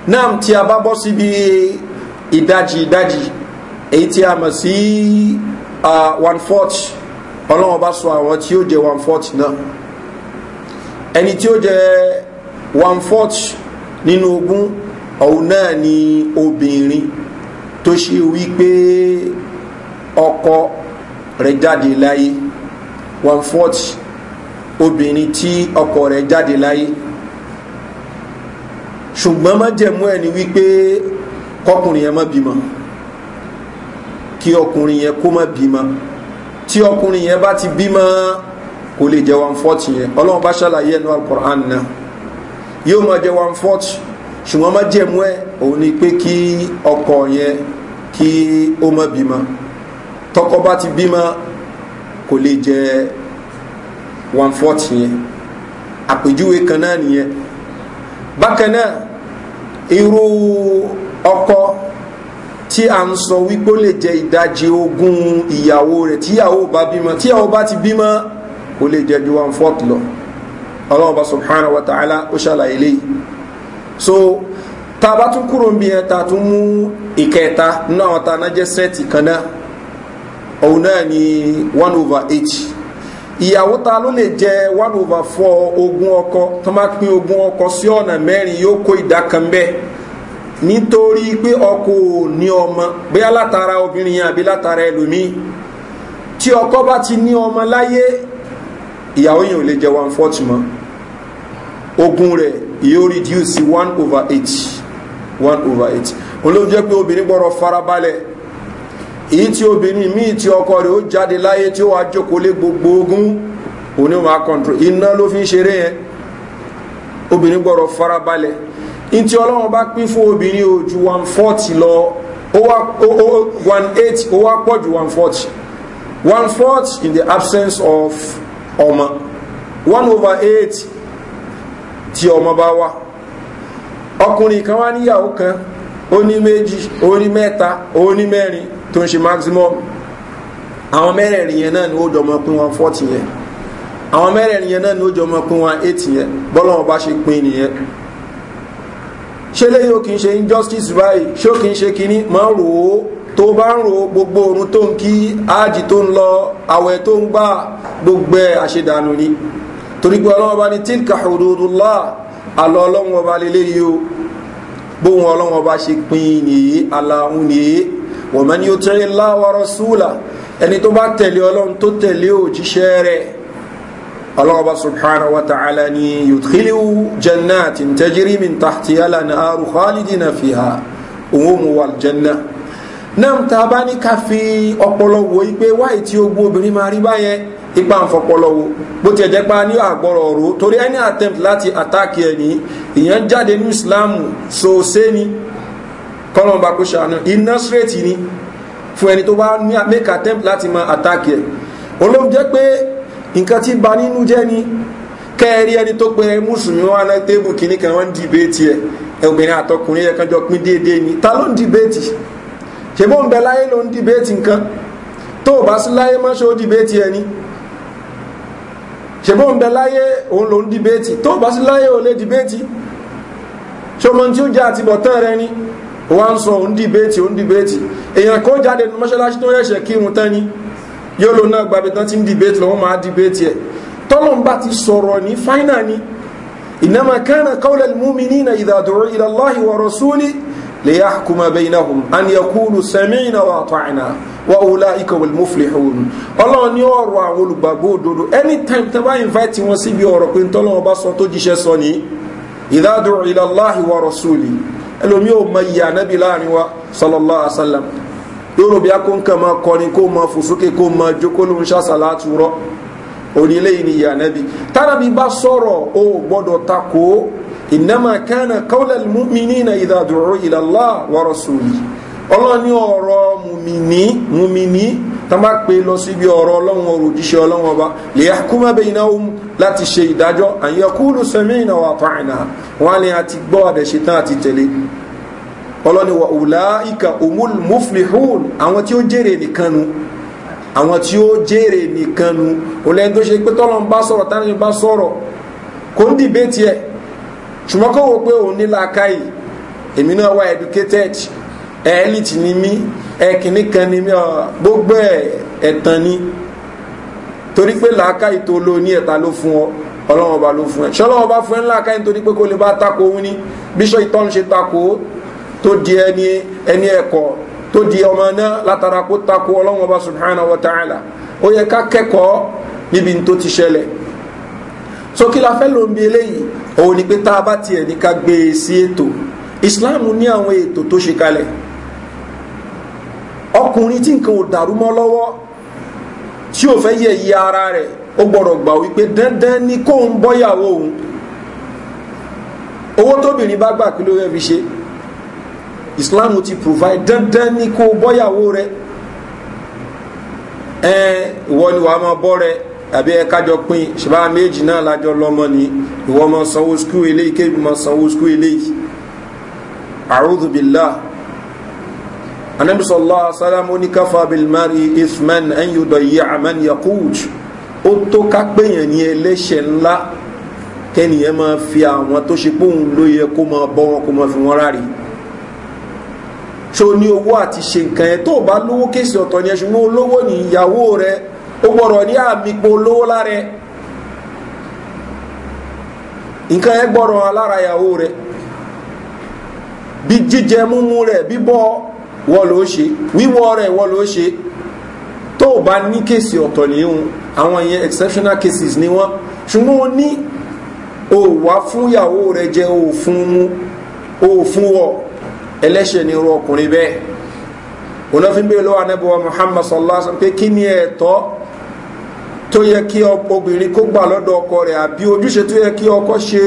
náà tí a bá bọ́ síbi ìdajì ìdajì èyí tí a mọ̀ sí one fourth ọlọ́wọ́n bá sọ àwọn tí ó jẹ one fourth náà ẹni tí ó jẹ one fourth nínú ogún ọ̀hún náà ni obìnrin tó ṣe wípé ọkọ rẹ̀ jáde láyé one fourth obìnrin tí ọkọ rẹ̀ jáde láyé ṣùgbọ́n májẹ̀mú ẹni wípé kọkùnrin yẹn má bímọ kí ọkùnrin yẹn kó má bímọ tí ọkùnrin yẹn bá ti bímọ kò lè jẹ́ one forty yẹn ọlọ́run bá ṣàlàyé ẹnu alukur'an náà yóò máa jẹ́ one forty ṣùgbọ́n májẹ̀mú ẹ òun ni pé kí ọkọ yẹn kí ó má bímọ tọkọ bá ti bímọ kò lè jẹ́ one forty yẹn àpèjúwe kan náà nìyẹn bákan náà irú ọkọ tí a ń sọ wípé lè jẹ ìdajì ogún ìyàwó rẹ̀ tíyàwó bá bímọ tíyàwó bá ti bímọ kò lè jẹ ju one fourth lọ ọlọ́run bá subhanahu wa ta'ala ó ṣàlàyé léyìí so tá a bá tún kúrò ń bí yẹn ta tún mú ìkẹta nínú àwọn tá a nájẹ kan náà òun náà ni one over eight ìyàwó ta ló lè jẹ one over four ogún ọkọ tó máa pín ogún ọkọ sí ọ̀nà mẹ́rin yóò kó ìdá kan bẹ́ẹ̀ nítorí pé ọkọ ò ní ọmọ bóyá látara obìnrin yẹn àbí látara ẹlòmíì tí ọkọ bá ti ní ọmọ láyé ìyàwó yẹn ò lè jẹ one fourth mọ ogún rẹ yóò reduce sí one over eight one over eight olóòjẹ́ pé obìnrin gbọ́dọ̀ farabalẹ̀ èyí tí obìnrin míì tí ọkọ rẹ̀ ó jáde láyé tí ó wá jókòó lé gbogbo ogún òní wàá kọ̀ǹtró iná ló fi ń ṣeré yẹn obìnrin gbọ́dọ̀ farabalẹ̀ ní tí ọlọ́run bá pín fún obìnrin ó ju one forty lọ ó wá one eight, ó wá pọ̀ ju one forty one fourth in the absence of ọmọ one over eight tí ọmọ bá wà ọkùnrin kan wá níyàwó kan ó ní méjì ó ní mẹ́ta ó ní mẹ́rin tó ń ṣe maximum àwọn mẹ́rẹ̀ẹ̀rin yẹn náà ni ó jọmọ pín wọn forty yẹn àwọn mẹ́rẹ̀ẹ̀rin yẹn náà ni ó jọmọ pín wọn eight yẹn bọ́lá wọn bá ṣe pín nìyẹn ṣé lẹ́yìn ó kì í ṣe injustice báyìí ṣé ó kì í ṣe kinní máa ń rò ó tó bá ń rò gbogbo orun tó ń kí áàjì tó ń lọ àwẹ̀ tó ń gbà gbogbo ẹ̀ àṣedànù ni torí pé ọlọ́wọ́ bá ní tilka hududullah àlọ́ ọlọ́wọ́ bá lélẹ́yìí o bóun ọlọ́wọ́ bá ṣe pín nìyí aláhùn nìyí wa man yuti llaha wa rasulahu ẹni tó bá tẹ̀lé ọlọ́run tó tẹ̀lé òjíṣẹ́ rẹ̀ ọlọ́run bá subhanahu wa ta'ala ni yudkhiluhu jannatin tajri min tahtiha al-anharu khalidina fiha òun mu wà janna náà ta bá ní ká fi ọpọlọ wo wáyé tí ó gbó obìnrin máa rí báyẹn ipa ń fọpọlọ bó ti ẹ̀jẹ̀ pa ní àgbọ̀rọ̀ ọ̀rọ̀ torí ẹni attempt láti attack ẹni ìyẹn jáde ní islam so ṣé ni kọ́lọ̀ bá kó ṣàánú iná straight ni fún ẹni tó bá ní make attempt láti máa attack ẹ̀ olóhùn jẹ́ pé nǹkan tí ba nínú jẹ́ ni kẹ́ẹ̀rí ẹni tó pe mùsùlùmí wọn á tébù kìíní kan wọ́n ń ẹ̀ obìnrin àtọkùnrin yẹn jọ pín déédéé ni ta ló ń dìbéètì ṣe bó ń bẹ láyé ló ń dìbéètì nǹkan tó bá sí láyé mọ́ ṣe ó dìbéètì ẹni ṣe bó ń bẹ láyé òun ló ń dìbéètì tó bá sí láyé ò lè dìbéètì ṣe tí ó jẹ́ àtibọ̀tán rẹ ni wọ́n sọ òun dìbẹ́tì òun dìbẹ́tì èèyàn kó jáde ní mọ́ṣáláṣí tó yẹ̀ṣẹ̀ kírun tán ni yóò lò náà gbàgbé tán ti ń dìbẹ́tì lọ́wọ́ máa dìbẹ́tì ẹ̀ tọ́lọ́n bá ti sọ̀rọ̀ ní fáínà ni ìnáma kánà kọ́lẹ̀ múmi ní ìdàdúró ìlàláhi wa rasúlì lè yá kúmọ̀ bẹ́yìn ahùn an yà kúlù sẹ́mìnà wa tọ́ìnà wa òwúlá ikọ̀wé muflihun ọlọ́run ní ọ̀rọ̀ àwọn olùgbàgbọ́ òdodo anytime tẹ́ bá invite wọn síbi ọ̀rọ̀ pé tọ́lọ́run bá sọ tó jíṣẹ́ sọ ní ìdàdúró ìlàláhi wa rasúlì ẹlòmí ò mọ iye ànábì láàrin wa sallallahu alaihi wa sallam yóò bí akó nǹkan máa kọrin kó máa fò sókè kó máa jókòó ló ń ṣàṣàlá àtúrọ òní eléyìí ni iye ànábì tánábì bá sọ̀rọ̀ o gbọ́dọ̀ takò ìnáma kánà kọ́lẹ̀ mímí na ìdádúró ìlàlá wàrọ̀ sórí ọlọ́ni ọ̀rọ̀ mú mùmìnì mùmìnì tán bá pè lọ síbi ọ̀rọ̀ ọlọ́run ọ̀rọ̀ òjíṣẹ́ ọlọ́run ọba lè yàkúmọ́ bẹ́ iná ohun láti ṣe ìdájọ́ àyẹ̀kúrú sẹ́mí ìnà wà fàìnà wọn ni a ti gbọ́ àdẹ̀ṣe tán àti tẹ̀lé ọlọ́ni wa ulaika umul muflihun àwọn tí ó jèrè nìkanu àwọn tí ó jèrè nìkanu olẹ́ni tó ṣe pé tọ́lọ́n bá sọ̀rọ̀ tánìyàn bá sọ̀rọ̀ kò ń dìbé tiẹ̀ ṣùgbọ́n kó wo pé òun ní làákàyè èmi náà wà educated elite ni mí ẹ̀kìnní kan ni mí ọ gbogbo ẹ̀ ẹ̀tàn ni torí pé làákà ètò ló ní ẹ̀ta ló fún ọ ọlọ́wọ́n ọba ló fún ẹ ṣọlọ́wọ́n ọba fún ẹ ńlá káyìn torí pé kò lè bá tako òun ni bíṣọ ìtọ́n ṣe tako tó di ẹni ẹni ẹ̀kọ́ tó di ọmọ náà látara kó tako ọlọ́wọ́n ọba subhanahu wa ta'ala ó yẹ ká kẹ́kọ̀ọ́ níbi tó ti ṣẹlẹ̀ so kí la fẹ́ ló ń bi eléyìí òun ni pé tá a bá tiẹ̀ ní ká gbé e sí ètò islam ní àwọn ètò tó ṣe kalẹ̀ ọkùnrin tí nǹkan ò dàrú mọ́ lọ́wọ́ tí ò fẹ́ yẹ iye ara rẹ̀ ó gbọ́dọ̀ gbà wípé dandan ni kóun bọ́yàwó òun owó tóbìnrin bá gbà kí ló rẹ̀ fi ṣe islam ti provide dandan ni kó bọ́yàwó rẹ̀ ẹ ìwọ ni wàá máa bọ́ rẹ̀ àbí ẹ kájọ pín ṣùgbọ́n àwọn méjì náà lájọ lọ́mọ ni ìwọ máa sanwó skul eléyìí kébì máa sanwó skul eléyìí a'udhu billah anabi sallallahu alaihi wasallam ó ní kafa bil mari isman an yudayya man yaqut ó tó ká péyàn ní ẹlẹ́ṣẹ̀ ńlá kẹ́nìyàn máa fi àwọn tó ṣe pé òun ló yẹ kó máa bọ́ wọn kó máa fi wọn ráre ṣó ní owó àti ṣe nǹkan ẹ tó bá lówó kéèsì ọ̀tọ̀ ni ẹ ṣùgbọ́n olówó ní ìyàwó rẹ ó gbọ́dọ̀ ní àmì pé olówó lára nǹkan ẹ gbọ́dọ̀ alára ìyàwó rẹ bí jíjẹ múmú rẹ bíbọ́ wọ́n ló ṣe wíwọ́ rẹ̀ wọ́n ló ṣe tó o bá ní kéèsì ọ̀tọ̀ léhun àwọn ìyẹn exceptional cases ni wọ́n ṣùgbọ́n o ní o wá fún ìyàwó rẹ̀ o fún wọ ẹlẹ́ṣẹ̀ ni irú ọkùnrin bẹ́ẹ̀ olófin lọ́wọ́ anábọ̀wá muhammad eto to ye ki pé kí ni ẹ̀tọ́ tó yẹ kí obìnrin kó gbà lọ́dọ̀ ọkọ rẹ̀ ọkọ ṣe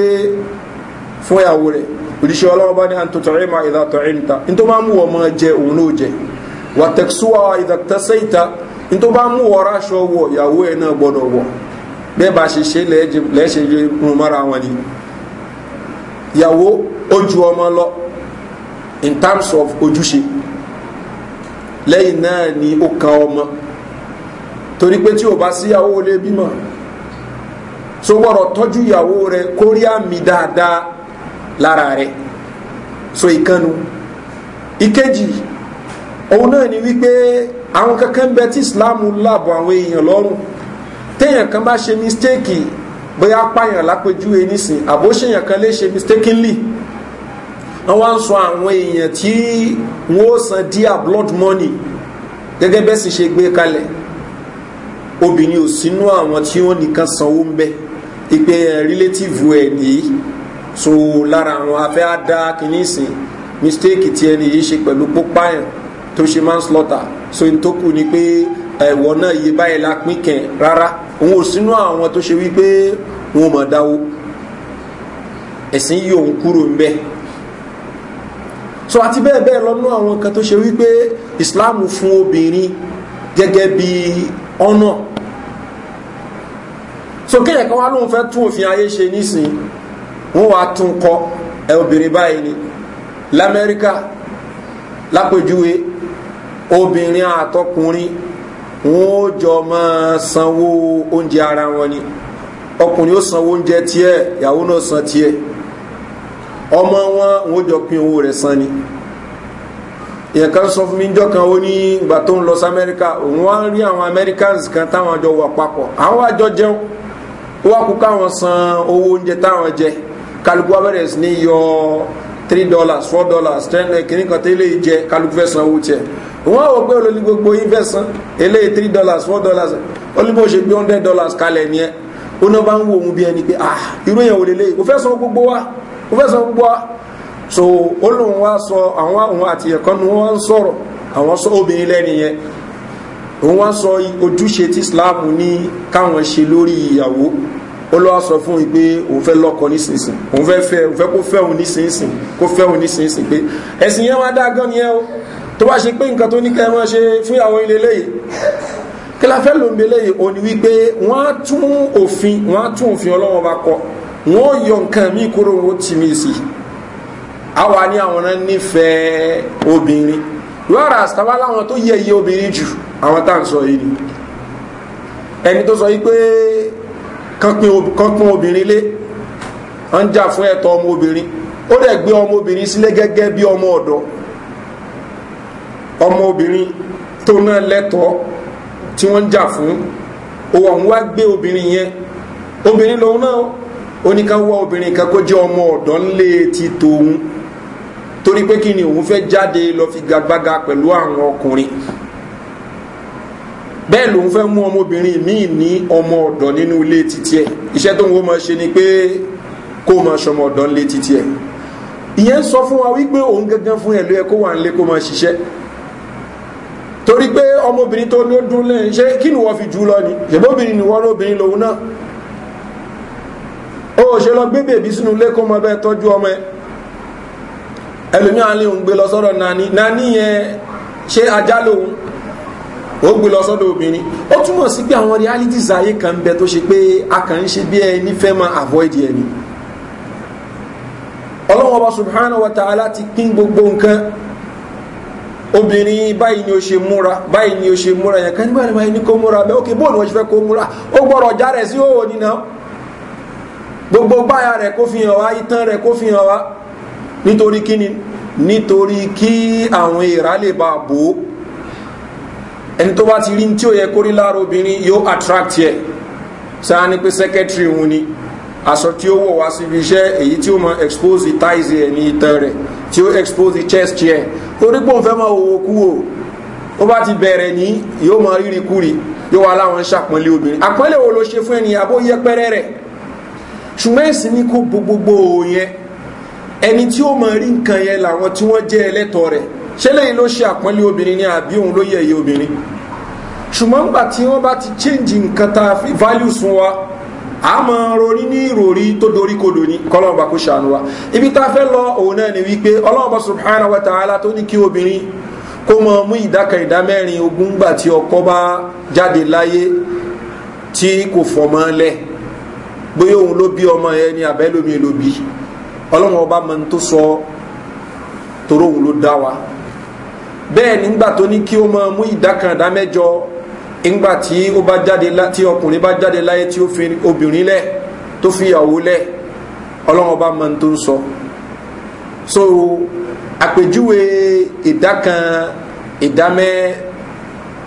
fún rẹ̀ òdìṣẹ́ ọlọ́wọ́ bá ní àtúntọ̀rìmà ìdá tọ̀rìmta ní tó bá mú wọ mọ́ jẹ òun náà jẹ wà tẹ̀síwá ìdàtẹ́sẹ́ta ní tó na mú wọ ráṣọ wọ ìyàwó ẹ̀ náà gbọ́dọ̀ wọ bẹ́ẹ̀ bá ṣe ṣe lẹ́ṣẹ̀ yẹ mú mọ́ra wọn lọ in terms of ojúṣe lẹ́yìn náà ni ó kan ọmọ torí pé tí ò bá síyàwó lè bímọ so gbọ́dọ̀ tọ́jú ìyàwó rẹ kórí àmì dáadáa lára rẹ̀ so ìkànnù ìkejì òun náà ni wípé àwọn kankan bẹ tí islam láàbọ̀ àwọn èèyàn lọ́rùn téèyàn kan bá ṣe mistake bóyá pààyàn lápèjúwe nísìn àbóṣèyàn kan lè ṣe mistakenly wọ́n wá ń sọ àwọn èèyàn tí wọ́n ó san díà blood money gẹ́gẹ́ bẹ́ẹ̀ sì ṣe gbé kalẹ̀ obìnrin ò sínú àwọn tí wọ́n nìkan sanwó ń bẹ ìpè relative ẹ̀ nìyí so lára àwọn afẹ́ àdá kìíní sìn mistake tí ẹni yìí ṣe pẹ̀lú pópáyàn tó ṣe manslaughter so n tó kù ni pé ẹ̀wọ̀ náà yé báyìí la pín kẹ̀ rárá òun ò sínú àwọn tó ṣe wípé wọn ò mọ̀ dáwó ẹ̀sìn yìí òun kúrò ń bẹ́ẹ̀ so àti bẹ́ẹ̀ bẹ́ẹ̀ lọ́nà àwọn nǹkan tó ṣe wípé Islam fún obìnrin gẹ́gẹ́ bí ọ̀nà so kéèyàn kan wá lóun fẹ́ tún òfin ayé ṣe nísìnyí wọ́n wá tún kọ ẹ obìnrin báyìí ni lamẹ́ríkà lápèjúwe obìnrin àtọkùnrin wọ́n ó jọ máa sanwó oúnjẹ ara wọn ni ọkùnrin ó sanwó oúnjẹ tiẹ̀ ìyàwó náà san tiẹ̀ ọmọ wọn wọ́n ó jọ pín owó rẹ̀ san ni èèyàn kan sọ fún mi jọ kan ó ní ìgbà tó ń lọ sí amẹ́ríkà òun wá rí àwọn americans kan táwọn àjọ wà papọ̀ àwọn àjọ jẹun ó wá kú káwọn san owó oúnjẹ táwọn jẹ kálukú wa ni sí ní yọ three dollars four dollars ten eh, kìíní kan tó eléyìí jẹ kálukú fẹ́ san owó tiẹ̀ wọ́n á wò pé gbogbo yín fẹ́ san eléyìí three dollars four dollars olùbó ṣe gbé hundred dollars kalẹ̀ ni ẹ ó náà bá wo òun bí ẹni ah irú yẹn ò lè léyìí kò san gbogbo wa kò fẹ́ san gbogbo wa so olóhùn wa sọ àwọn àwọn àti ẹ̀kọ́ ni wọ́n ń sọ̀rọ̀ àwọn sọ obìnrin lẹ́ni yẹn òun wá ojúṣe tí Islam ní káwọn ṣe lórí ìyàwó olúwa sọ fún yìí pé òun fẹ́ lọ́kọ nísinsìn òun fẹ́ fẹ́ òun fẹ́ kó fẹ́ òun nísinsìn kó fẹ́ òun nísinsìn pé ẹ̀sìn yẹn wá dáa gan nìyẹn o tó bá ṣe pé nǹkan tó ní kẹ́ ẹ máa ṣe fún ìyàwó ilé lẹ́yìn kí la fẹ́ ló ń bẹ lẹ́yìn o ní wípé wọ́n á tún òfin wọ́n á tún òfin ọlọ́wọ́n bá kọ wọ́n yọ nǹkan mí kúrò wọ́n ti mí sí i àwa ní àwọn náà nífẹ̀ẹ́ obìnrin lọ́ra àsìtàwá láwọn tó yẹ iye obìnrin jù àwọn tá à ń sọ yìí ni ẹni tó sọ yìí pé kọ́pin obìnrin lé ọ ń jà fún ẹ̀tọ́ ọmọbìnrin ó dẹ̀ gbé ọmọ sílé gẹ́gẹ́ bí ọmọ ọ̀dọ́ ọmọ tó náà lẹ́tọ̀ọ́ tí wọ́n ń jà fún òun àwọn wá gbé obìnrin yẹn obìnrin lòun náà ó ní ká wá obìnrin kan kó jẹ́ ọmọ ọ̀dọ́ ńlé ti tòun torí pé kí ni òun fẹ́ jáde lọ fi gagbága pẹ̀lú àwọn ọkùnrin bẹ́ẹ̀ ló ń fẹ́ mú ọmọbìnrin míì ní ọmọ ọ̀dọ̀ nínú ilé títí ẹ̀ iṣẹ́ tó ń wọ́n ṣe ni pé kó máa ṣọmọ ọ̀dọ̀ nílé títí ẹ̀ ìyẹn sọ fún wa wípé òun gangan fún ẹ̀ wà nílé kó máa torí pé ọmọbìnrin tó ló dún ṣé kí fi jù lọ ni ṣèbóbìnrin ni wọ́n lóbìnrin lòun náà ó ṣe lọ gbé bèbí sínú ilé kó máa bẹ́ẹ̀ tọ́jú ọmọ ẹ ń ó gbé lọ sọ́dọ̀ obìnrin ó túmọ̀ sí pé àwọn realities ayé kan ń bẹ tó ṣe pé a kàn ń ṣe bí ẹni fẹ́ máa avoid ẹni ọlọ́wọ́n ọba subhanahu wa ta'ala ti pín gbogbo nǹkan obìnrin báyìí ni ó ṣe múra báyìí ni ó ṣe múra yẹn kan nígbà ní kó múra bẹ́ẹ̀ òkè bóòlù wọ́n ṣe fẹ́ kó múra ó gbọ́dọ̀ já rẹ̀ sí òwò nínà gbogbo báyà rẹ̀ kó fi hàn wá itan rẹ̀ kó fi hàn wá nítorí kíni nítorí kí àwọn èèrà lè bá bò ẹni tó bá ti rí tí ó yẹ kórí lára obìnrin yóò attract yẹ sáà ni pé secretary òun ni aṣọ tí ó wọ̀ wá síbi iṣẹ́ èyí tí ó mọ expose thighs ẹ̀ ní itan rẹ̀ tí ó expose chest ẹ̀ torí pé òun fẹ́ máa wo kú o ó bá ti bẹ̀rẹ̀ ní yóò mọ rírì kúrì yóò wá láwọn ṣàpọ́nlé obìnrin àpọ́nlé wo ló ṣe fún ẹni àbó yẹpẹrẹ rẹ̀ ṣùgbọ́n ẹ̀sìn ní kó gbogbogbò yẹn ẹni tí ó mọ rí nǹkan yẹn làwọn tí wọ́n jẹ́ ẹlẹ́tọ̀ rẹ̀ ṣé lẹ́yìn ló ṣe àpọ́nlé obìnrin ni àbí òun ló yẹ̀yẹ obìnrin ṣùgbọ́n nígbà tí wọ́n bá ti change nǹkan ta values fún wa a mọ rori ní ìròrí tó dorí kodò ní kọlọ́ọ̀bà kó ṣàánú wa ibi tá fẹ́ lọ òun náà ni wípé ọlọ́ọ̀bà subhanahu wa ta'ala tó ní kí obìnrin kó mọ mú ìdáka ìdá mẹ́rin ogún gbà tí ọkọ bá jáde láyé tí kò fọmọ lẹ bóyá òun ló bí ọmọ yẹn ni àbẹ́lómi ló bí ọlọ́wọ́n ọba mọ tó sọ toróhun ló dá wa bẹ́ẹ̀ nígbà tó ní kí ó máa mú ìdá kan ìdá mẹ́jọ nígbà tí ó bá jáde tí ọkùnrin bá jáde láyé tí ó fi obìnrin lẹ̀ tó fi ìyàwó lẹ̀ ọlọ́run bá máa ń tó ń sọ so àpèjúwe ìdá kan ìdá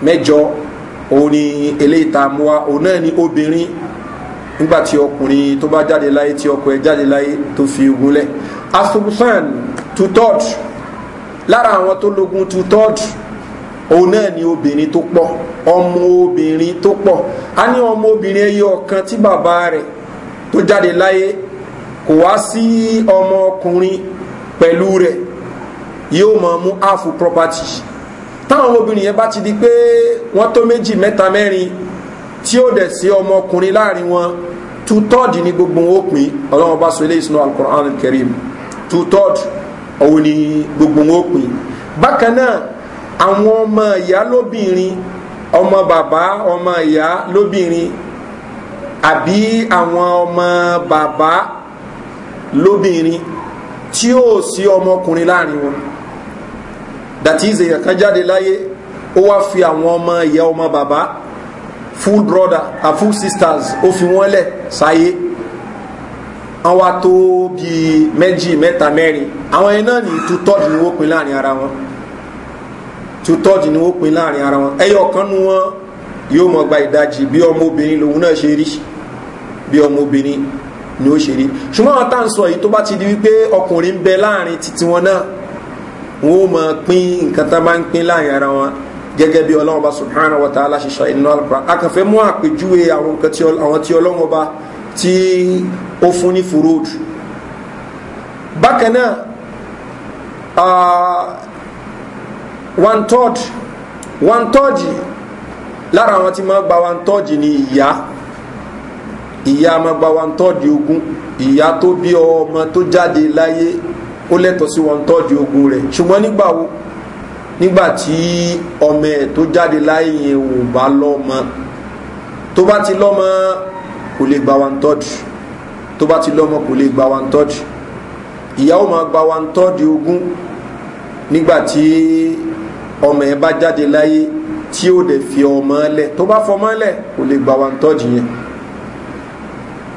mẹ́jọ òun ni eléyìí tá mú wa òun náà ni obìnrin nígbà tí ọkùnrin tó bá jáde láyé tí ọkọ jáde láyé tó fi ogun asubusan two thirds lára àwọn tó lógun two third òun náà ni obìnrin tó pọ̀ ọmọ obìnrin tó pọ̀ a ní ọmọ obìnrin ẹyẹ ọ̀kan tí bàbá rẹ̀ tó jáde láyé kò wá sí ọmọ ọkùnrin pẹ̀lú rẹ̀ yóò mọ̀ mú half property táwọn obìnrin yẹn bá ti di pé wọ́n tó méjì mẹ́ta mẹ́rin tí ó dẹ̀ sí ọmọkùnrin láàrin wọn two third ni gbogbo wọn ó pín ọlọ́run bá sọ ilé ìsinú alukoran kẹrim two third òun ni gbogbo wọn ó pè bákan náà àwọn ọmọ ìyá lóbìnrin ọmọ bàbá ọmọ ìyá lóbìnrin àbí àwọn ọmọ bàbá lóbìnrin tí ó sí ọmọkùnrin láàrin wọn dàtí ìzèyàn kan jáde láyé ó wá fi àwọn ọmọ ìyá ọmọ bàbá full brother and uh, full sisters ó fi wọ́n lẹ̀ sáyé àwọn ató bíi méjì mẹ́ta mẹ́rin àwọn yẹn náà ní two ni wọ́n pin láàrin ara wọn two third ni wọ́n pin láàrin ara wọn ẹyọ kan nu wọn yóò mọ gba ìdajì bí ọmọbìnrin lòun náà ṣe rí bí ọmọbìnrin ni ó ṣe rí ṣùgbọ́n àwọn tá à ń sọ yìí tó bá ti di wípé ọkùnrin ń bẹ láàrin títí wọn náà wọn ó mọ pín nǹkan tá a bá ń pín láàrin ara wọn gẹ́gẹ́ bí ọlọ́run ọba subhanahu wa ta'ala ṣiṣẹ́ inú alukura akànfẹ́ mú àpèjúwe àwọn tí ọlọ́run ọba tí ó fún ní furuudu bákan náà uh, one third one third lára àwọn tí ma gba one third ní ìyá ìyá ma gba one third ogún ìyá tó bí ọmọ tó jáde láyé ó lẹ́tọ̀ọ́ sí one third ogún rẹ̀ ṣùgbọ́n nígbà wo nígbà tí ọmọ ẹ̀ tó jáde láyé yẹn ò bá lọ́mọ tó bá ti lọ́mọ kò lè gba one third tó bá ti lọ́mọ kò lè gba one third ìyá ó máa gba one third ogún nígbà tí ọmọ ẹ bá jáde láyé tí ó dẹ̀ fi ọmọ lẹ̀ tó bá fọmọ lẹ̀ kò lè gba one third yẹn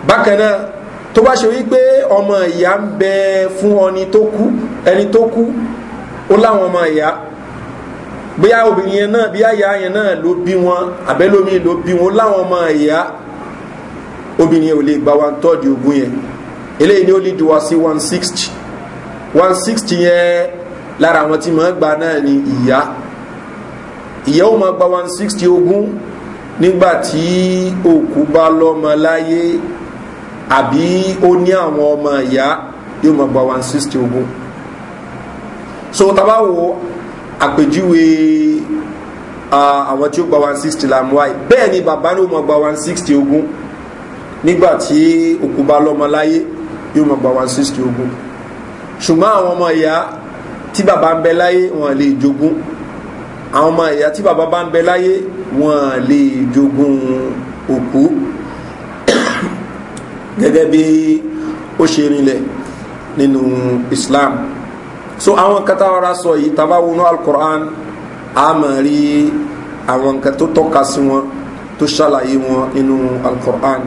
bákan náà tó bá ṣe wípé ọmọ ìyá ń bẹ fún ọni tó kú ẹni tó kú ó láwọn ọmọ ìyá bóyá obìnrin yẹn náà bí àyà yẹn náà ló bí wọn àbẹ́lómi ló bí wọn ó láwọn ọmọ ìyá obìnrin yẹn ò lè gba one third ogun yẹn eléyìí ni ó lead wa sí one sixty one sixty yẹn lára àwọn tí màá gba náà ni ìyá ìyá ó máa gba one sixty ogun nígbà tí òkú bá lọ́mọ láyé àbí ó ní àwọn ọmọ ìyá yóò máa gba one sixty ogun so taba wo àpèjúwe àwọn tí ó gba one sixty làmúwáyé bẹ́ẹ̀ ni bàbá ló máa gba one sixty ogun nígbà tí òkú bá lọ́mọ láyé yóò mọ̀ gba one sixty ogún ṣùgbọ́n àwọn ọmọ ìyá tí bàbá ń bẹ láyé wọn lè jogún àwọn ọmọ ìyá tí bàbá bá ń bẹ láyé wọn lè jogún òkú gẹ́gẹ́ bí ó ṣe rinlẹ̀ nínú islam so àwọn nǹkan tá a rọra sọ yìí tá a bá wọnú alukur'an a máa rí àwọn nǹkan tó tọ́ka sí wọn tó ṣàlàyé wọn nínú alukur'an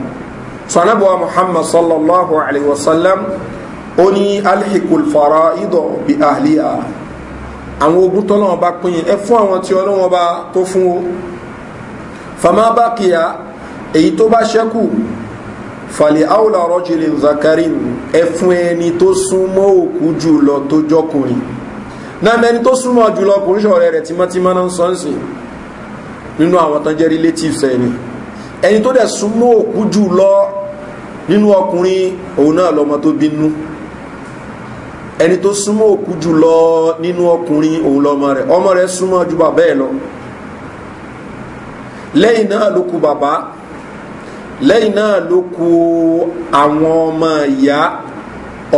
sanabuwa muhammad sallallahu alaihi wasallam ó ní alhikul fara idọ bi ahliya àwọn ogun tọ́lọ́wọ́n bá pín ẹ fún àwọn tí ọlọ́wọ́n bá tó fún o fama bá kìyà èyí tó bá ṣẹ́kù fàlẹ̀ àwòlà rọ́jìlì zakarin ẹ fún ẹni tó súnmọ́ òkú jùlọ tó jọkùnrin náà mẹni tó súnmọ́ jùlọ kùnrin ṣọ̀rẹ́ rẹ̀ tímọ́tímọ́ náà sọ́nsìn nínú àwọn tán jẹ́ relatives ẹni ẹni tó dẹ̀ súnmọ́ òkú jùlọ nínú ọkùnrin òun náà lọmọ tó bínú ẹni tó súnmọ́ òkú jù lọ nínú ọkùnrin òun lọmọ rẹ̀ ọmọ rẹ̀ súnmọ́ ju bàbá ẹ̀ lọ lẹ́yìn náà ló ku bàbá lẹ́yìn náà ló ku àwọn ọmọ ìyá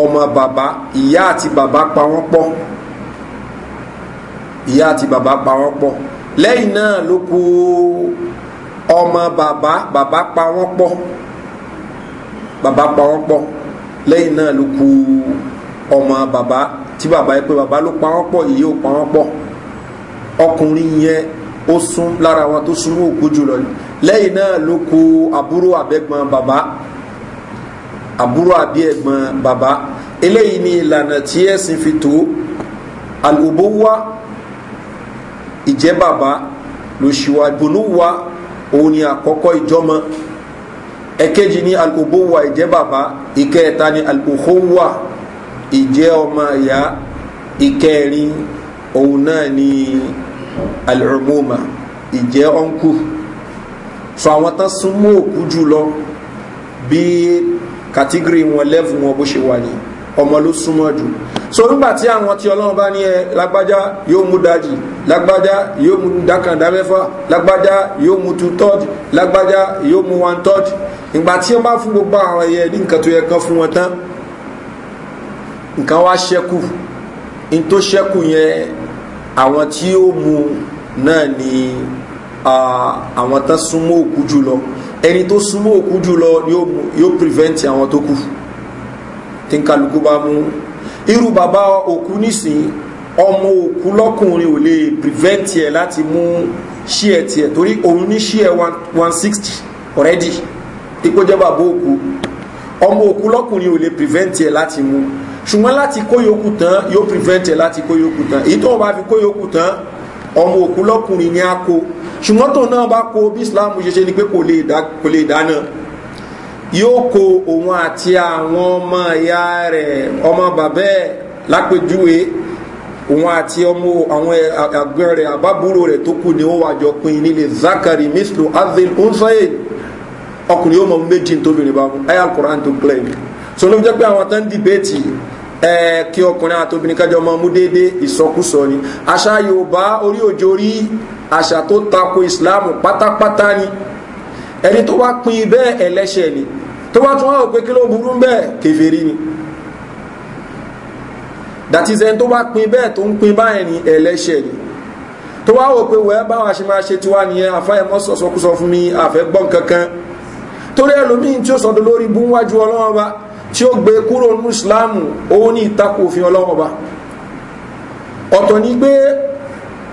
ọmọ bàbá ìyá àti bàbá pa wọ́n pọ̀ ìyá àti bàbá pa wọ́n pọ̀ lẹ́yìn náà ló ku ọmọ bàbá bàbá pa wọ́n pọ̀ baba pa wọ́n pọ̀ lẹ́yìn náà ló ku ọmọ baba tí bàbá yẹ pé bàbá ló pa wọ́n pọ̀ ìyá ò pa wọ́n pọ̀ ọkùnrin yẹn ó sún lára wọn tó súnmọ́ òkú jùlọ lẹ́yìn náà ló ku àbúrò àbẹ́gbọ́n bàbá àbúrò àbí ẹ̀gbọ́n bàbá eléyìí ni ìlànà tí ẹ̀sìn fi tó àlùbó wá ìjẹ́ bàbá lòṣìwà ìbùnú wá òun ni àkọ́kọ́ ìjọ́mọ́ ẹ̀kejì ni al-ubuwa ìjẹ́ bàbá ìkẹta ni al-ukhuwa ìjẹ́ ọmọ ìyá òun náà ni al-umuma ìjẹ́ ọ̀nkù so àwọn tán súnmọ́ òkú jùlọ bí kàtígírì wọn lẹ́fù wọn bó ṣe wà ní ọmọ ló súnmọ́ jù so nígbà tí àwọn tí ọlọ́run bá ní ẹ lágbájá yóò mú dájì lágbájá yóò mú dákàndá mẹ́fà lágbájá yóò mú two third lágbájá yóò mú one third ìgbà tí wọ́n bá fún gbogbo àwọn ẹyẹ ní nǹkan tó yẹ kan fún wọn tán nǹkan wá ṣẹ́kù in tó ṣẹ́kù yẹn àwọn tí ó mu náà ni àwọn tán súnmọ́ òkú jùlọ ẹni tó súnmọ́ òkú jùlọ yóò prevent àwọn tó kù tí n kálukú bá mú irú bàbá òkú nísìn ọmọ òkú lọ́kùnrin ò lè prevent ẹ̀ láti mú ṣí ẹ̀ tiẹ̀ torí òun ní ṣí ẹ̀ one sixty already ipò jẹ́ bàbá òkú ọmọ òkú lọ́kùnrin ò lè prevent ẹ̀ láti mú ṣùgbọ́n láti kó yòókù tán yóò prevent ẹ̀ láti kó yòókù tán èyí tó wọn bá fi kó yòókù tán ọmọ òkú lọ́kùnrin ni a kó ṣùgbọ́n tó náà bá kó bí islam ṣe ṣe ni pé kò lè dáná yóò kó òun àti àwọn ọmọ ìyá rẹ̀ ọmọ bàbá ẹ̀ lápèjúwe òun àti ọmọ àwọn àgbẹ̀ àbábúrò rẹ̀ tó kù ni ó wàjọ pin nílé zakari mislu azil unsaid ọkùnrin yóò mọ méjì tóbìnrin bá kú ayé alukoran tó gbẹ mi so ló fi jẹ́ pé àwọn tó ń dìbẹ́tì ẹ kí ọkùnrin àti obìnrin kájọ mọ mú déédé ìsọkúsọ ni àṣà yorùbá orí òjò rí àṣà tó tako islam pátápátá ni ẹni tó wá pin bẹ́ẹ̀ ẹlẹ́ṣẹ̀ ni tó bá tún wá òpin kí ló burú bẹ́ẹ̀ kèfèrí ni dàtí tó bá pin bẹ́ẹ̀ tó ń pin báyẹn ni ẹlẹ́ṣẹ̀ ni tó wá wò pé wẹ́ẹ́ báwọn àṣemáṣe tiwa nìyẹn àfáyẹmọ́sọ̀sọ́kúsọ fún mi àfẹ́gbọ́n kankan torí ẹlòmíín tí ó sọ̀dọ̀ lórí bú wájú ọlọ́wọ́n bá tí ó gbé kúrò ní ìsìláàmù òun ní ìtakò òfin ọlọ́wọ́n bá ọ̀tọ̀ ni pé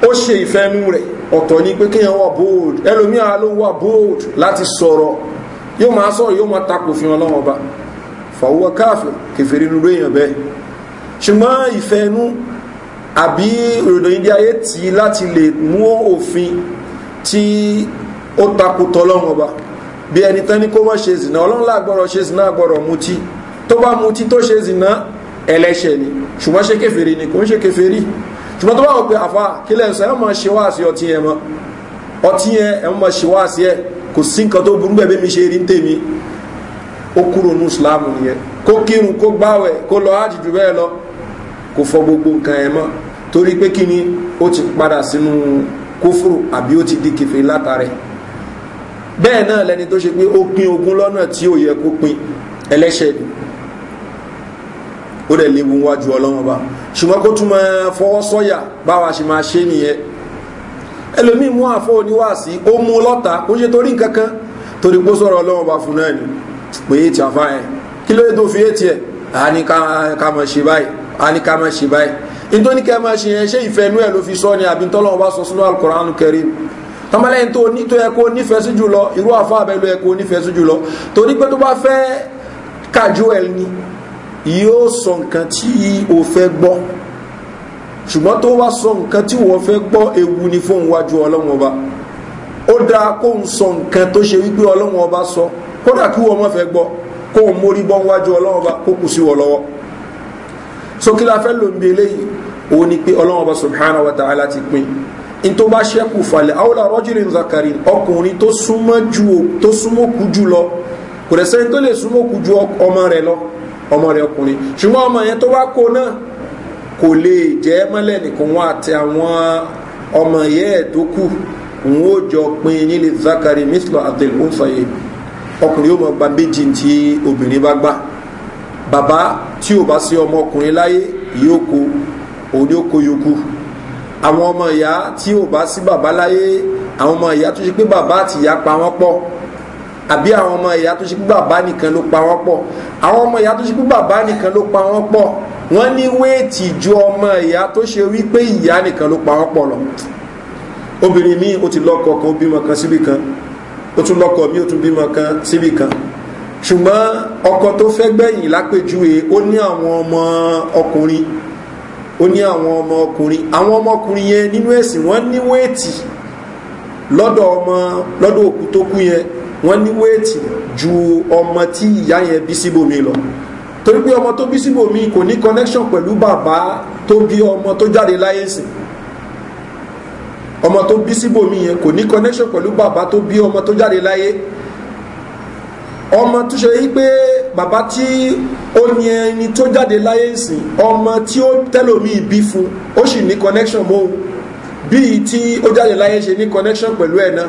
ó ṣe ìfẹ́nu rẹ̀ ọ̀tọ̀ ni pé kéèyàn wà bold ẹlòmíín ló wà bold láti sọ̀rọ̀ yóò máa sọ̀rọ̀ yóò máa takò òfin ọlọ́wọ́n bá fàwọ́ káàfin kẹfẹ́rẹ́ inú lóyìn bẹ́ẹ̀ ṣùgbọ́n ìfẹ́nu àbí ìròyìn ilé ayé tí láti lè mú òfin tí ó takò tọ́lọ́wọ́n bá bí ẹni tán ní kó mọ́ ṣe zìnà ọlọ́run lágbọ́rọ̀ ṣe zìnà gbọ́rọ̀ mutí tó bá mutí tó ṣe zìnà ẹlẹ́ṣẹ̀ ni ṣùgbọ́n ṣe kẹfẹ́rí ni kò ń ṣe kẹfẹ́rí ṣùgbọ́n tó bá wọ́n pé àfa kílẹ̀ ẹ̀sọ́ ẹ̀ máa ṣe wá sí ọtí yẹn mọ́ ọtí yẹn ẹ̀ máa ṣe wá sí ẹ̀ kò sí nǹkan tó burú bẹ́ẹ̀ bí mi ṣe rí tèmi ó kúrò ní ìsìláàmù nìyẹn kó kírun kó gbáwẹ̀ kó lọ ájìjù bẹ́ẹ̀ lọ kò fọ gbogbo nǹkan ẹ̀ torí pé kí ó ti padà sínú kófòrò àbí ó ti di kẹfẹ́ látàrẹ̀ bẹ́ẹ̀ náà lẹni tó ṣe pé ó pin ogun lọ́nà tí ò yẹ kó pin ẹlẹ́ṣẹ̀ ni ó dẹ̀ léwu wájú ọlọ́wọ́n bá ṣùgbọ́n kó tún máa fọwọ́ sọ́yà báwa ṣe máa ṣe nìyẹn ẹlòmíì mú àfọ oníwàásí ó mú lọ́ta kó ṣe torí nǹkan kan torí pé sọ̀rọ̀ ọlọ́wọ́n bá fún náà ni pé èyí ti tọmọlẹ́yìn tó ní tó yẹ kó nífẹ̀ẹ́ sí jùlọ irú àfáà bẹ́ẹ̀ ló yẹ kó nífẹ̀ẹ́ sí jùlọ torí pé tó bá fẹ́ kájú ẹ̀ ni yóò sọ nǹkan tí o fẹ́ gbọ́ ṣùgbọ́n tó wá sọ nǹkan tí wọ́n fẹ́ gbọ́ ewu ni fóun wájú ọlọ́run ọba ó dáa kó ń sọ nǹkan tó ṣe wípé ọlọ́run ọba sọ kódà kí wọ́n mọ̀ fẹ́ gbọ́ kó ń mórí bọ́ wájú ọlọ́run ọba kó kù sí wọ lọ́wọ́ so kí la fẹ́ lò ń bi eléyìí òun ni pé ọlọ́run ọba subhanahu wa ta'ala ti pin in tó bá ṣẹ́kù falẹ̀ aula rọ́jìlín zakarin ọkùnrin tó súnmọ́ kú jù lọ kò rẹ̀ sẹ́yìn tó lè súnmọ́ kú ju ọmọ rẹ̀ lọ ọmọ rẹ̀ ọkùnrin ṣùgbọ́n ọmọ yẹn tó bá kó náà kò lè jẹ́ mọ́lẹ̀ nìkan wọn àti àwọn ọmọ yẹn tó kù òun ó jọ pin nílé zakari mislo abdul unsaye ọkùnrin yóò mọ gba méjì tí obìnrin bá gbà bàbá tí ò bá sí ọmọ láyé yóò kó òun yóò kó yòókù àwọn ọmọ ìyá tí ò bá sí bàbá láyé àwọn ọmọ ìyá tó ṣe pé bàbá àti ìyá pa wọ́n pọ̀ àbí àwọn ọmọ ìyá tó ṣe pé bàbá nìkan ló pa wọ́n pọ̀ àwọn ọmọ ìyá tó ṣe pé bàbá nìkan ló pa wọ́n pọ̀ wọ́n ní wéètì ju ọmọ ìyá tó ṣe wípé ìyá nìkan ló pa wọ́n pọ̀ lọ obìnrin míì ó ti lọ́kọ kan ó bímọ kan síbì kan ó tún lọ́kọ míì ó tún bímọ kan síbì kan ṣùgbọ́n ọkọ tó fẹ́ gbẹ̀yìn lápèjúwe ó ní àwọn ọmọ ọkùnrin ó ní àwọn ọmọkùnrin àwọn ọmọkùnrin yẹn nínú ẹ̀sìn wọ́n ní wéètì lọ́dọ̀ ọmọ lọ́dọ̀ òkú tó kú yẹn wọ́n ní wéètì ju ọmọ tí ìyá yẹn bí síbòmí lọ torí pé ọmọ tó bí síbòmí kò ní connection pẹ̀lú bàbá tó bí ọmọ tó jáde láyé sìn ọmọ tó bí síbòmí yẹn kò ní connection pẹ̀lú bàbá tó bí ọmọ tó jáde láyé ọmọ tó ṣe yí pé bàbá tí ó ní ẹni tó jáde láyé ìsìn ọmọ tí ó tẹ́lòmíì bí fún ó sì ní connection mọ́ bíi tí ó jáde láyé ṣe ní connection pẹ̀lú ẹ̀ náà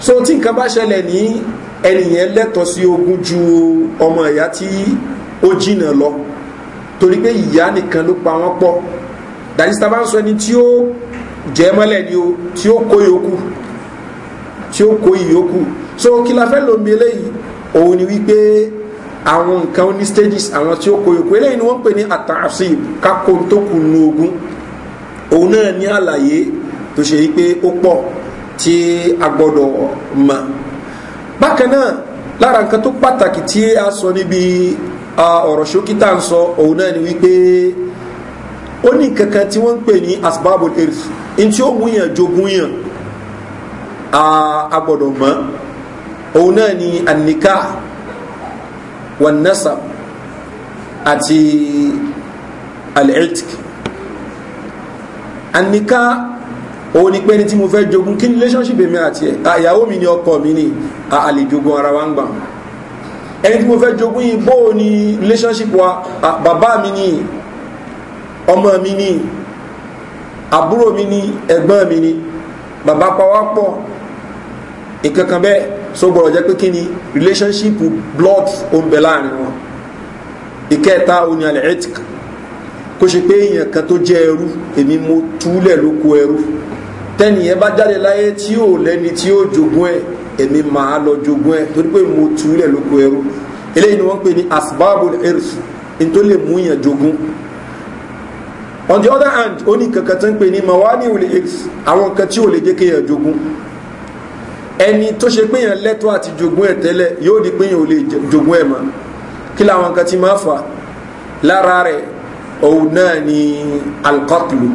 so tí nǹkan bá ṣẹlẹ̀ ní ẹnìyẹn lẹ́tọ̀ọ́ sí ogún ju ọmọ ìyá tí ó jìnà lọ torí pé ìyá nìkan ló pa wọ́n pọ̀ dàdísítà bá ń sọ ẹni tí ó jẹ́ mọ́lẹ̀ ni o tí ó kó ìyókù tí ó kó ìyókù so kí la fẹ́ lomi eléyìí òun ni wípé àwọn nǹkan ó ní stages àwọn tí ó kó yòókù eléyìí ni wọ́n ń pè ní àtàásì kákó tó kù nù ogun òun náà ní àlàyé tó ṣe wípé ó pọ̀ tí a gbọ́dọ̀ mọ̀ bákan náà lára nǹkan tó pàtàkì tí a sọ níbi ọ̀rọ̀ ṣókítà ń sọ òun náà ni wípé ó ní kankan tí wọ́n ń pè ní asbabul earth in tí ó múyàn jogún yàn a gbọ́dọ̀ mọ̀ òun náà ni àníká wànásà àti alẹ́tìk àníká òun ni pé ní tí mo fẹ́ jogun kí relationship èmi àti ẹ̀ àyàwó mi ni ọkọ mi ni àlè jogun ara wa ń gbà ẹni tí mo fẹ́ jogun yìí bó ni relationship wa bàbá mi ni ọmọ mi ni àbúrò mi ni ẹ̀gbọ́n mi ni bàbá pawápọ̀ ìkankan bẹ́ẹ̀ so gbọ́dọ̀ jẹ́ pé kí ni relationship blood ó ń bẹ láàrin wọn ìkẹta oní alẹ́ etic kó ṣe pé èèyàn kan tó jẹ́ ẹrú èmi mo túlẹ̀ ló kó ẹrú tẹ́nìyẹn bá jáde láyé tí ò lẹ́ni tí ó jogún ẹ̀ èmi máa lọ jogún ẹ̀ torí pé mo túlẹ̀ ló kó ẹrú eléyìí ni wọ́n pè ní asbabul earth n tó lè mú yàn jogún on the other hand ó ní kankan tó ń pè ní mawani ul earth àwọn nǹkan tí ò lè jẹ́ kéèyàn jogún ẹni tó ṣe pé yẹn lẹ́tọ́ àti jogún ẹ̀ tẹ́lẹ̀ yóò di pé yẹn ò lè jogún ẹ̀ mọ́ kí làwọn nǹkan ti máa fà lára rẹ̀ òun náà ni alqatlu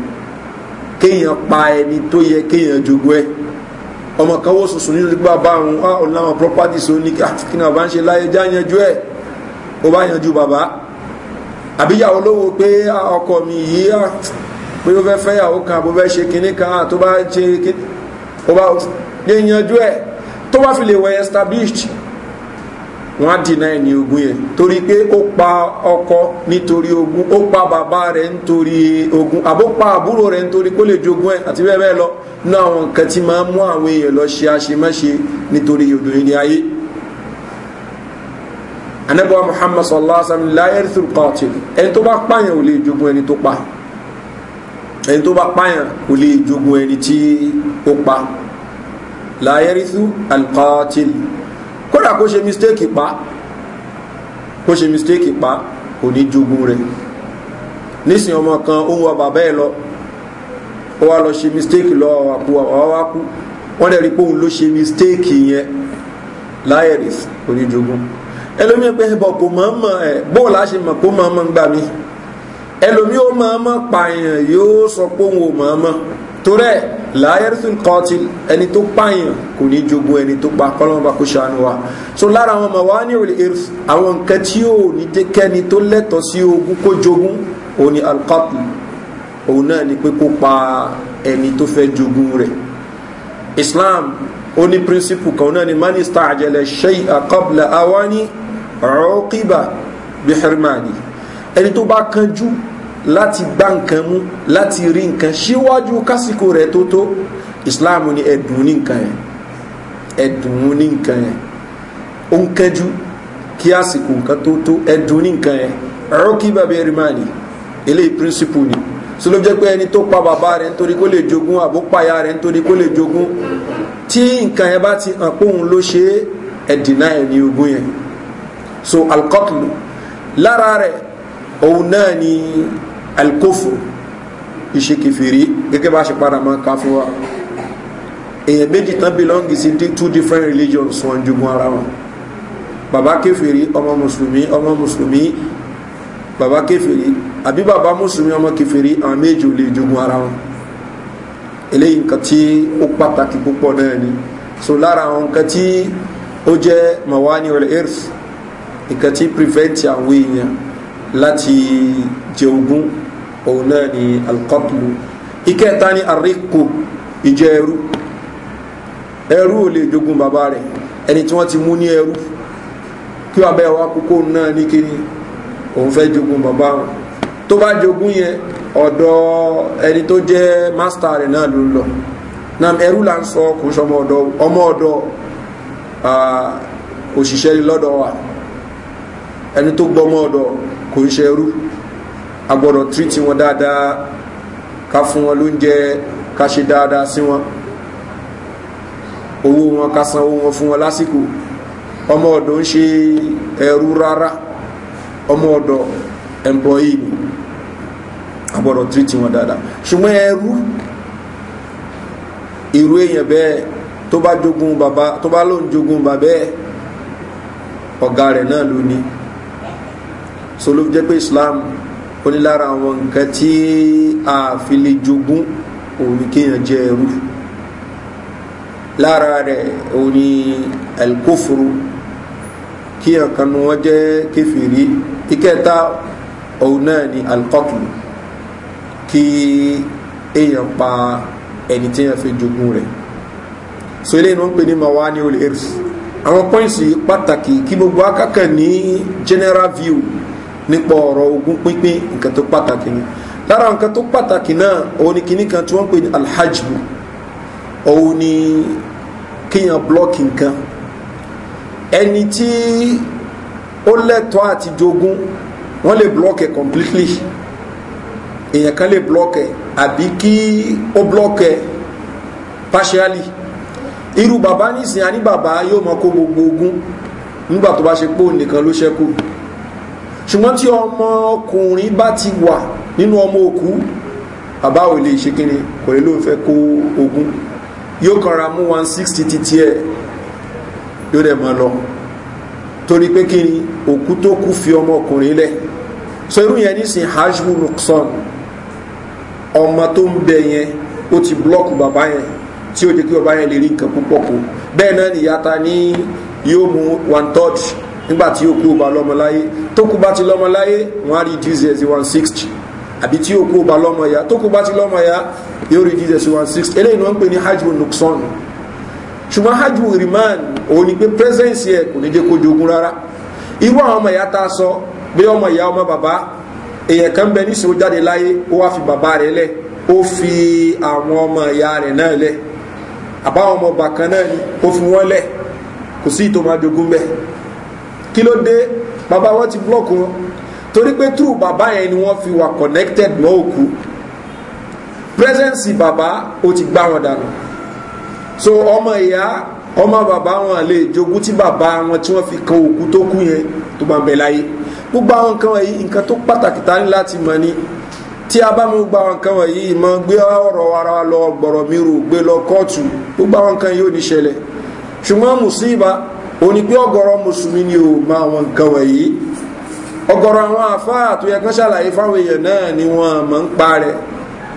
kéèyàn pa ẹni tó yẹ kéèyàn jogún ẹ̀ ọmọ kan wó sùsùn nínú gbà bá àwọn ah, ọ̀làwọn properties ó ní kí ni bàbá ń ṣe láyé já yanjú ẹ̀ ó bá yanjú bàbá àbíyàwó lówó pé ah, ọkọ mi yìí pé ah, ó fẹ́ fẹ́yàwó kan àbó fẹ́ ṣe kinní kan tó bá ṣe kinní ó bá yẹn yanjú ẹ̀ tó bá fi lè wẹ̀ established wọ́n á dìna ẹni ogun yẹn torí pé ó pa ọkọ nítorí ogun ó pa bàbá rẹ̀ nítorí ogun àbó pa àbúrò rẹ̀ nítorí kó lè jogún ẹ̀ àti bẹ́ẹ̀ bẹ́ẹ̀ lọ ní àwọn nǹkan tí máa ń mú àwọn èèyàn lọ ṣe àṣemáṣe nítorí obìnrin ní ayé anabiwa muhammad sallallahu alaihi wa sallam la yarithul qatil ẹni tó bá pààyàn ò lè jogún ẹni tó pa ẹni tó bá pààyàn ò lè jogún ẹni tí ó pa láyẹ́rìsú alqatil kódà kó ṣe mistake pa kó ṣe mistake pa kò ní jogún rẹ̀ nísìn ọmọ kan ó wọ bàbá ẹ̀ lọ ó wá lọ ṣe mistake lọ àwàkú àwàkú wọ́n dẹ̀ rí pé òun ló ṣe mistake yẹn láyẹ̀rìs kò ní jogún ẹlòmíì pé ẹbọ kò mọ̀ mọ̀ ẹ̀ bóòlù á ṣe mọ̀ kó mọ̀ mọ̀ ń gbà mí ẹlòmíì ó mọ̀ mọ̀ pààyàn yóò sọ pé òun ò mọ̀ mọ̀ torí ẹ̀ láyẹ̀rẹ́sùn kọ́tì ẹni tó pààyàn kò ní jogún ẹni tó pa kọ́lọ́mọba kó ṣàánú wa so lára àwọn ọmọ wa ní òlì èrè àwọn nǹkan tí ò ní jẹ́ kẹ́ni tó lẹ́tọ̀ọ́ sí ogún kó jogún òun ni alqatl òun náà ni pé kó pa ẹni tó fẹ́ jogún rẹ̀ islam ó ní píríncípù kan náà ni man ista'jala shay'a qabla awani uqiba bihirmani ẹni tó bá kanjú láti gbá nǹkan mú láti rí nǹkan síwájú kásìkò rẹ̀ tó tó islam ni ẹ̀dùn ní nǹkan yẹn ẹ̀dùn ní nǹkan yẹn ó ń kẹ́jú kí àsìkò nǹkan tó tó ẹ̀dùn ní nǹkan yẹn ọ̀rọ̀ bàbá ẹ̀rí máa eléyìí píríncípù ni so ló jẹ́ pé ẹni tó pa bàbá rẹ̀ nítorí kó lè jogún àbó paya rẹ̀ nítorí kó lè jogún tí nǹkan yẹn bá ti hàn póun ló ṣe ẹ̀dínà ẹ̀ ní ogún yẹn so alkọ́tù lára rẹ̀ òun náà ni alikófòrò ìṣe kẹfìrí gẹ́gẹ́ bá ṣe padà máa ká wa èèyàn méjì tán belongi sí two different religions wọn jogun ara wọn bàbá kẹfìrí ọmọ mùsùlùmí ọmọ mùsùlùmí bàbá kẹfìrí àbí bàbá mùsùlùmí ọmọ kẹfìrí àwọn méjì ò lè jogun ara wọn eléyìí nǹkan tí ó pàtàkì púpọ̀ náà ni so lára àwọn nǹkan tí ó jẹ́ mawani wal earth, nǹkan tí prevent àwọn èèyàn láti jẹ ogún òun náà ni alkọ́tùlù ìkẹta ni àríkò ìjẹ ẹrú ẹrú ò lè jogun bàbá rẹ̀ ẹni tí wọ́n ti mú ní ẹrú kí wọ́n abẹ́ wa kókó náà ní kíni òun fẹ́ jogun bàbá wọn tó bá jogun yẹn ọ̀dọ̀ ẹni tó jẹ́ mástà rẹ̀ náà ló lọ nam ẹrú là ń sọ kò ń sọmọ ọ̀dọ̀ ọmọ ọ̀dọ̀ òṣìṣẹ́ lọ́dọ̀ wa ẹni tó gbọmọ ọ̀dọ̀ kò ń ṣe ẹrú a gbọ́dọ̀ tírítì wọn dáadáa ká fún wọn lóúnjẹ ká ṣe dáadáa sí wọn owó wọn ká san owó wọn fún wọn lásìkò ọmọ ọ̀dọ̀ ń ṣe ẹrú rárá ọmọ ọ̀dọ̀ employee ni a gbọ́dọ̀ tírítì wọn dáadáa ṣùgbọ́n ẹrú irú èèyàn bẹ́ẹ̀ tó bá jogun bàbá tó bá lóun jogun bàbá ẹ̀ ọ̀gá rẹ̀ náà ló ní so ló pé Islam ó ní lára àwọn nǹkan tí a fi lè jogún òun ni kéèyàn jẹ ẹrú lára rẹ̀ òun ni ẹ̀lkóforo kéèyàn kanu wọn jẹ́ kéfìrí ìkẹta òun náà ni alkọ́tùlù kí èèyàn pa ẹni tí èèyàn fi jogún rẹ̀ so eléyìí ló ń pè ní mawani ol irs àwọn pọ́ìntì pàtàkì kí gbogbo akákan ní general view nípa ọ̀rọ̀ ogún pínpín nǹkan tó pàtàkì ni lára nǹkan tó pàtàkì náà òun ni kìíní kan tí wọ́n pè ní alhajbu òun ni kíyàn blọ́ọ̀kì nǹkan ẹni tí ó lẹ́tọ̀ọ́ àti jogún wọ́n lè blọ́ọ̀kì completely èèyàn kan lè blọ́ọ̀kì àbí kí ó blọ́ọ̀kì partially irú bàbá nísìnyí a ní bàbá yóò mọ kó gbogbo ogún nígbà tó bá ṣe pé òun nìkan ló ṣẹ́kù ṣùgbọ́n tí ọmọ ọkùnrin bá ti wà nínú ọmọ òkú bàbá ò lè ṣe kíni kò lè lóun fẹ́ kó ogún yóò kanra mú one sixty títí ẹ̀ yóò dẹ̀ mọ́ lọ torí pé kíni òkú tó kú fi ọmọ ọkùnrin lẹ̀ so irú yẹn nísìn hajjbu nukson ọmọ tó ń bẹ yẹn ó ti blọọkù bàbá yẹn tí ó jẹ́ kí bàbá yẹn lè rí nǹkan púpọ̀ kù bẹ́ẹ̀ náà nìyá ní yóò mú one touch nígbàtí òkú ọba lọ́mọláyé tókù bá ti lọ́mọláyé wọ́n á rí jesus one sixty àbí tí òkú ọba abi bá ti ya, yóò rí jesus ya, eléyìí ni wọ́n ń pè ní hajj nukson ṣùgbọ́n hajj riman òun ni pé presence ẹ̀ kò ní jẹ́ kó jogun rárá irú àwọn ọmọ ìyá ta sọ bí ọmọ ìyá ọmọ bàbá èèyàn kan bẹ ní jáde láyé fi bàbá ó fi àwọn ọmọ ìyá náà àbáwọn ọmọ bàkan ni ó fi wọ́n kò sí kí ló dé bàbá wọn ti blọ́ọ̀kù wọn torí pé true bàbá yẹn ni wọ́n fi wà connected mọ́ òkú presence bàbá ó ti gbá wọn dànù so ọmọ ìyá ọmọ bàbá wọn lè jogún tí bàbá wọn tí wọ́n fi kan òkú tó kú yẹn tó bá ń bẹ láyé gbogbo àwọn nǹkan wọ̀nyí nǹkan tó pàtàkì ta ní láti mọ̀ ni tí a bá mú gbogbo àwọn nǹkan wọ̀nyí mọ gbé ọ̀rọ̀ ara lọ gbọ̀rọ̀ mi rò gbé lọ kóòtù gbogbo àwọn nǹkan yìí ò ní ṣẹlẹ̀ ṣùgbọ́n mùsíbà òní pé ọgọ̀rọ̀ mùsùlùmí ni ò ma àwọn nǹkan wọ̀nyí ọgọ̀rọ̀ àwọn àfáà tó yẹ kán ṣàlàyé fáwọn èèyàn náà ni wọ́n mọ̀ ń pa rẹ̀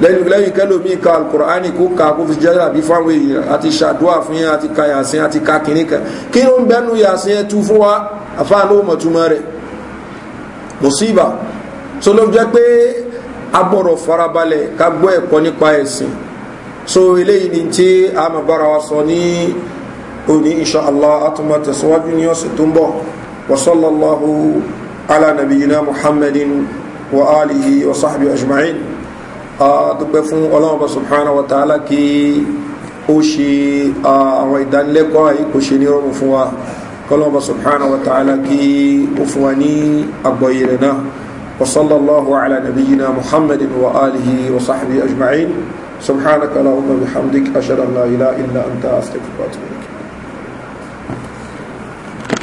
lẹ́yìn lẹ́yìn kẹlòmí ka alukur'ani kó ka kó fi jẹ́ àbí fáwọn èèyàn àti ṣàdúrà fún yẹn àti ka yàsín àti ka kìnní kan kí ló ń bẹnu yàsín ẹ tú fún wa àfáà ló mọ̀ túmọ̀ rẹ̀ mùsíbà so ló jẹ́ pé agbọ́dọ̀ farabalẹ̀ ká gbọ́ ẹ̀kọ́ nípa ẹ̀sìn so eléyìí ni tí a wa sọ ní òní insha allah atuma tẹ̀síwájú ní ọ̀sẹ̀ tó ń bọ̀ wasallallahu ala nabiyina muhammadin wa alihi wa sahbihi ajma'in a dúpẹ́ fún ọlọ́run bá subhanahu wa ta'ala kí ó ṣe àwọn ìdánilẹ́kọ̀ọ́ àyè kò ṣe ní rọrùn fún wa kọlọ́run subhanahu wa ta'ala kí ó fún wa ní àgbọ̀yé rẹ̀ náà وصلى الله على نبينا محمد وآله وصحبه أجمعين سبحانك اللهم وبحمدك أشهد أن لا إله إلا أنت أستغفرك وأتوب إليك